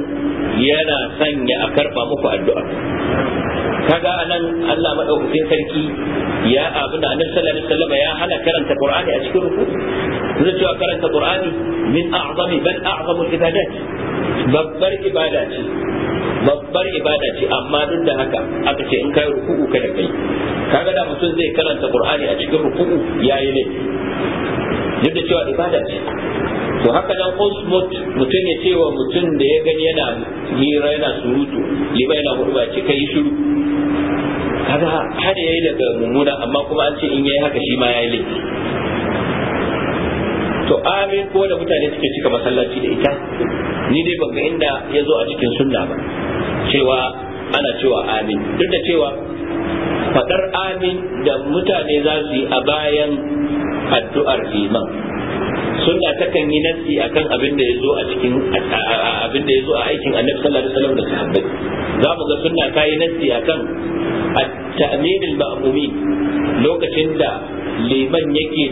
yana sanya a karba muku addu'a kaga anan Allah madaukakin sarki ya abin da annabi sallallahu alaihi wasallam ya hana karanta qur'ani a cikin ruku zai cewa karanta qur'ani min a'zami bal a'zamu ibadat babbar ibada ce babbar ibada ce amma duk da haka aka ce in kai ruku'u da kai kaga da mutum zai karanta qur'ani a cikin ruku'u yayi ne duk da cewa ibada ce to haka nan osmot mutum ya ce wa mutum da ya gani yana hira yana surutu liba yana hurba ce kai yi shiru kaga hada yayi daga mummuna amma kuma an ce in yayi haka shi ma yayi laifi to amin ko da mutane suke cika masallaci da ita ni dai ban ga inda ya zo a cikin sunna ba cewa ana cewa amin duk da cewa fadar amin da mutane za su yi a bayan addu'ar iman sunna takan yi nasi akan abin da yazo a cikin abin da yazo a aikin annabi sallallahu alaihi wasallam da sahabbai za mu ga sunna ta yi nasi akan at-ta'min al lokacin da liman yake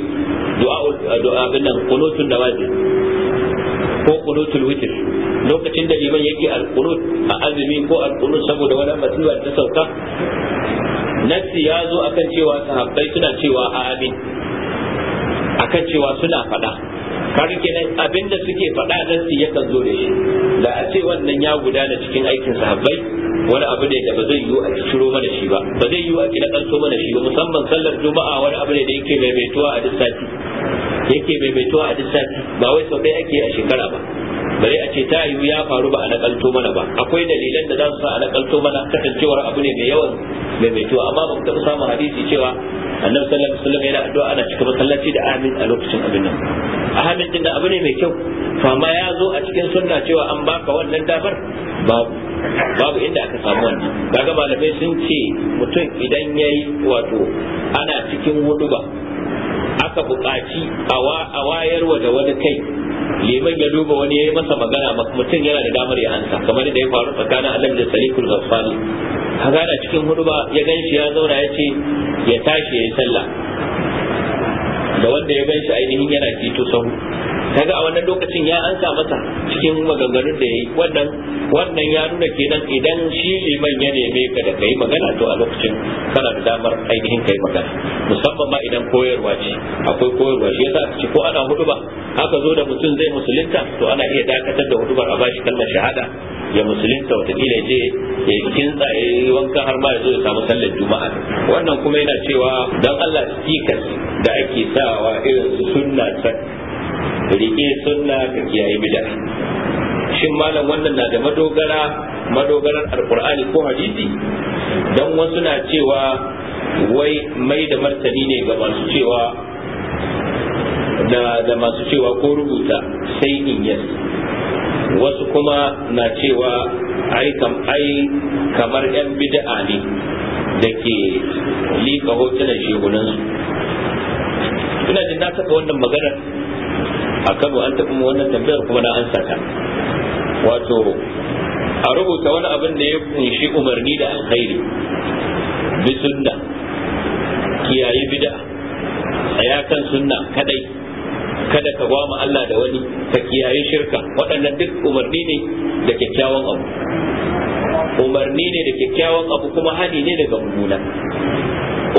du'a du'a bin nan qunutun nawazil ko qunutul witr lokacin da liman yake al-qunut a azumi ko al-qunut saboda wani masiba ta sauka nasi ya zo akan cewa sahabbai suna cewa amin akan cewa suna faɗa kaga kenan abinda suke faɗa nan su kan zo da shi da a ce wannan ya gudana cikin aikin sahabbai wani abu ne da ba zai yiwu a ciro mana shi ba ba zai yiwu a kira kanto mana shi ba musamman sallar juma'a wani abu ne da yake maimaituwa a duk sati yake maimaituwa a duk sati ba wai sau ɗaya ake a shekara ba bare a ce ta yiwu ya faru ba a nakalto mana ba akwai dalilan da za su sa a nakalto mana kasancewar abu ne mai yawan maimaituwa amma ba ku taɓa samun hadisi cewa annabi sallallahu alaihi wasallam yana addu'a ana cika masallaci da amin a lokacin abin nan a hadin din abu ne mai kyau fa ma ya zo a cikin sunna cewa an baka wannan damar babu babu inda aka samu wannan kaga malamai sun ce mutum idan yayi wato ana cikin huduba aka buƙaci a wayarwa da wani kai liman ya duba wani ya yi masa magana mutum yana da damar ya ansa kamar da ya faru tsakanin annabi da salikul ghaffali hazara cikin huduba ya gan shi ya zauna ya ce ya tashi ya yi sallah da wanda ya gan shi ainihin yana fito sahu kaga a wannan lokacin ya ansa masa cikin maganganun da ya yi wannan ya nuna kenan idan shi liman ya neme ka da kai magana to a lokacin kana da damar ainihin kai magana musamman ma idan koyarwa ce akwai koyarwa shi yasa ci ko ana huduba haka zo da mutum zai musulunta to ana iya dakatar da hudubar a bashi kalmar shahada ya musulunta watakila je ya kintsa ya yi wanka har ma ya zo ya samu sallar juma'a wannan kuma yana cewa don allah stikas da ake sawa irin su sunna rike sunna ka kiyaye bida shin malam wannan na da madogara madogarar alkur'ani ko hadisi don wasu na cewa wai mai da martani ne ga masu cewa da masu cewa ko rubuta sai in yi wasu kuma na cewa ai ai kamar 'yan bid'a ne da ke liƙa hotunan shegunansu ina jin na taɓa wannan maganar a kano an taɓa wannan tambayar kuma na an saka. wato a rubuta wani abin da ya kunshi umarni da alkhairi bi sunna kiyaye bid'a tsaya kan sunna kadai kada ka gwama Allah da wani ka kiyaye shirka waɗannan duk umarni ne da kyakkyawan abu umarni ne da kyakkyawan abu kuma hani ne daga mummuna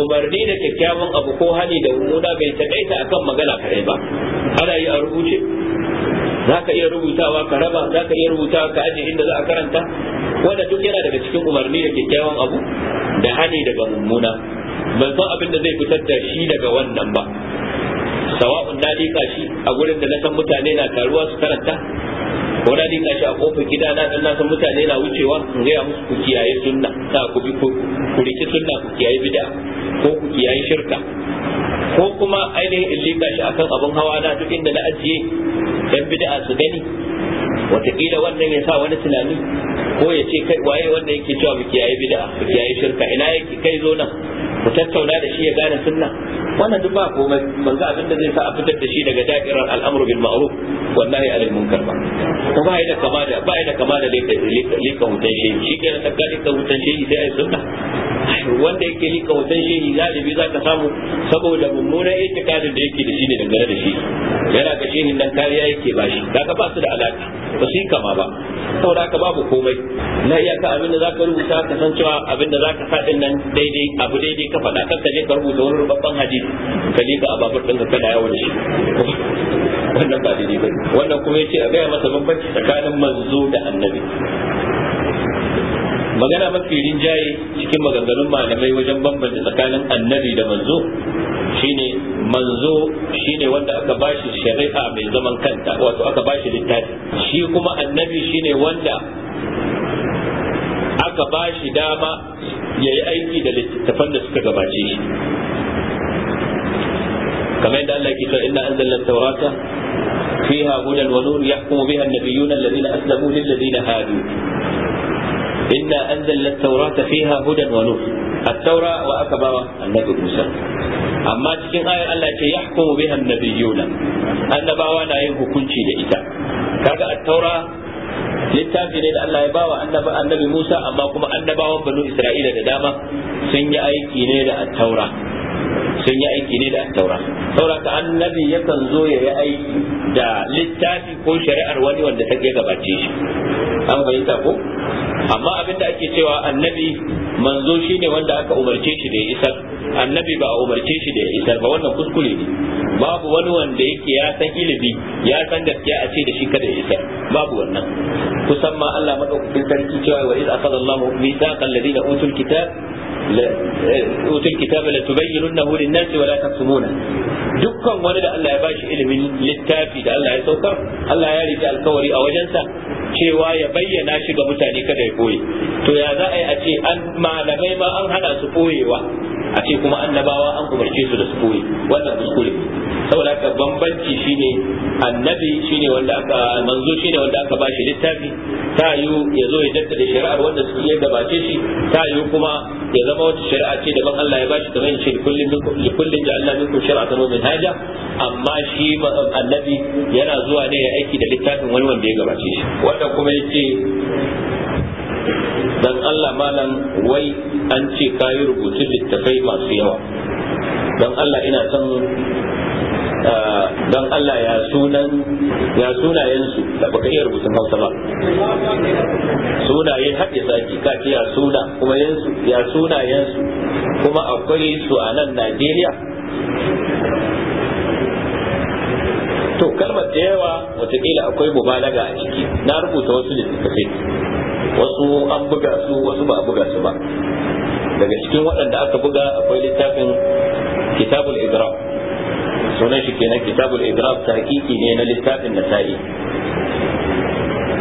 umarni da kyakkyawan abu ko hani da mummuna bai takaita akan magana kare ba ana yi a rubuce za ka iya rubutawa ka raba za ka iya rubutawa ka aje inda za a karanta wanda duk yana daga cikin umarni da kyakkyawan abu da hani daga mummuna ban san abin da zai fitar da shi daga wannan ba sawa'un na dika shi a gurin da na san mutane na taruwa su karanta ko na dika shi a kofar gida na dan na mutane na wucewa in gaya musu ku kiyaye sunna ta ku bi ku riki sunna ku kiyaye bid'a ko ku kiyaye shirka ko kuma ainihin in dika shi akan abin hawa na duk inda na ajiye dan bid'a su gani wataƙila wannan ya sa wani tunani ko ya ce kai waye wanda yake cewa mu kiyaye bid'a mu kiyaye shirka ina yake kai zo nan ku tattauna da shi ya gane sunna wannan duk ba komai manzo abin da zai sa a fitar da shi daga da'irar al'amru bil ma'ruf wan nahi anil munkar ba to ba da kama da ba da kama da lika lika hutan shi shi da tsakanin ka hutan shi sai ai sunna wanda yake lika wutan shehi galibi za ka samu saboda ita itikadin da yake da shi ne dangane da shi yana ga shehin nan kariya yake ba shi daga ba su da alaka ba su yi kama ba saboda haka babu komai na iyaka abin da zaka rubuta ka san cewa abin da zaka sa din nan daidai abu daidai ka faɗa kan ka je ka rubuta wani rubabban hadisi ka lika a babur ka kana yawo da shi wannan ba daidai ba wannan kuma yace a gaya masa bambanci tsakanin manzo da annabi magana mafi rinjaye cikin maganganun malamai wajen bambanta tsakanin annabi da manzo shine manzo shine wanda aka bashi shari'a mai zaman kanta wato aka bashi littafi shi kuma annabi shine wanda aka bashi dama ya yi aiki da littattafan da suka gabace shi kamar yadda Allah ke cewa inna anzalna tawrata fiha hudan wa nur yahkumu biha an-nabiyyuna alladhina aslamu lil ladina hadu إنا أنزلنا التوراة فيها هدى ونور التوراة وأكبر النبي موسى أما تكين آية الله يحكم بها النبيون النبوة لا ينهكم شيء لإتا كذا التوراة littafi ne da Allah ya bawa annabi Musa amma kuma annabawan banu Isra'ila da dama sun yi aiki ne da taura sun yi aiki ne da taura ka annabi yakan zo ya yi aiki da littafi ko shari'ar wani wanda take gabace shi an bayyana ko amma abin da ake cewa annabi manzo shine wanda aka umarce shi da ya isar annabi ba a umarce shi da ya isar ba wannan kuskure ne babu wani wanda yake ya san ilimi ya san gaskiya a ce da shi kada ya isar babu wannan kusan ma Allah madaukakin sarki cewa wa iz akhadha Allah mithaqal ladina utul kitab utul kitab la eh, tubayyinunahu lin-nas wa la taktumuna dukkan wani da Allah ya bashi ilimin littafi da Allah ya saukar Allah ya rike alkawari a wajensa cewa ya bayyana shi ga mutane kada ya koyi to ya za a yi a ce an malamai ma an hana su boyewa a ce kuma annabawa an umarce su da su koyi wannan kuskure saboda haka bambanci shine annabi shine wanda aka manzo shine wanda aka bashi littafi ta yiwu ya zo ya jaddada shari'ar wanda su iya gabace shi ta yiwu kuma ya zama wata shari'a ce da ban Allah ya bashi kamar yace da Allah ja'alna shari'a shari'atan wa haja? amma shi annabi yana zuwa ne ya aiki da littafin wani wanda ya gabace shi wanda kuma yace dan Allah malam wai an ce kayi rubutu littafai masu yawa dan Allah ina son ah, dan Allah ya sunan ya sunayensu da baka iya rubutun Hausa ba sunaye haɗe zaki ka ce ya suna kuma yansu ya sunayensu kuma akwai su a nan Najeriya to kalmar da yawa watakila akwai mubalaga a ciki na rubuta wasu littattafai wasu an buga su wasu ba a buga su ba daga cikin waɗanda aka buga akwai littafin kitabul idrak sunan shi kenan kitabul idrak tahqiqi ne na littafin nasa'i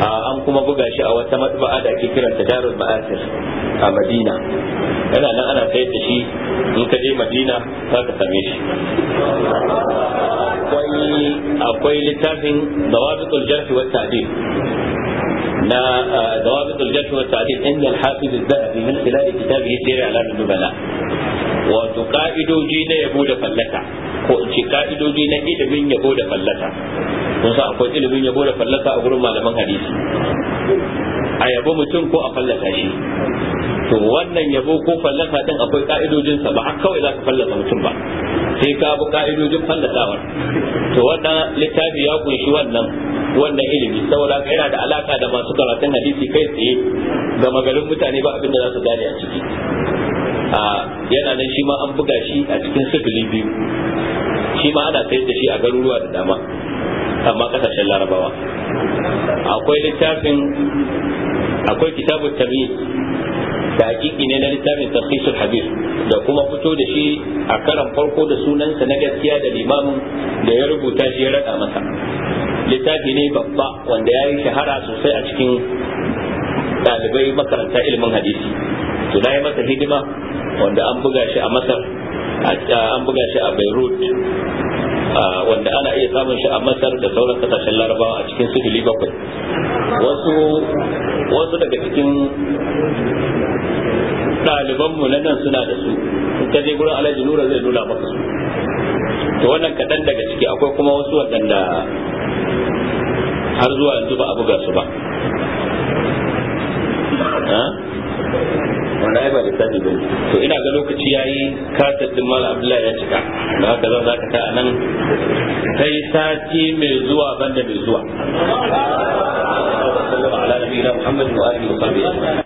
an kuma buga shi a wata matba'a da ake kiranta darul ma'asir a madina yana nan ana sayar da shi in ka je madina za ka same shi akwai littafin dawabitul jarhi wa ta'dil na dawabit al-jarh wa ta'dil inda al-hafiz az-zahabi min khilal kitabihi sir alam nubala wato ka'idoji na yabo da fallaka ko in ce ka'idoji na ilimin yabo da fallaka kun san akwai ilimin yabo da fallaka a gurin malaman hadisi a yabo mutum ko a fallasa shi to wannan yabo ko fallasa din akwai ka'idojin sa ba har kawai za ka fallasa mutum ba sai ka bi ka'idojin fallasawar to wannan littafi ya kunshi wannan wannan ilimi saboda yana da alaka da masu karatun hadisi kai tsaye ga magarin mutane ba abin da za su gane a ciki a yana nan shi ma an buga shi a cikin sifili biyu shi ma ana sayar da shi a garuruwa da dama amma kasashen larabawa akwai littafin akwai kitabun tamyiz da hakiki ne na littafin tafsirul habib da kuma fito da shi a karan farko da sunansa na gaskiya da limamin da ya rubuta shi ya rada masa littafi ne babba wanda ya yi shahara sosai a cikin ɗalibai makaranta ilimin hadisi to na yi masa hidima wanda an buga shi a masar an buga shi a beirut wanda ana iya samun shi a masar da sauran kasashen larabawa a cikin sifili bakwai wasu wasu daga cikin ɗalibanmu na nan suna da su in ka je gurin alhaji nura zai nuna maka su to wannan kaɗan daga ciki akwai kuma wasu waɗanda har zuwa yanzu ba a buga su ba wanda ai ba lissafi ba to ina ga lokaci yayi kasar din mala abdullahi ya cika da haka zan zaka ta anan sai sati mai zuwa banda mai zuwa على نبينا محمد واله وصحبه اجمعين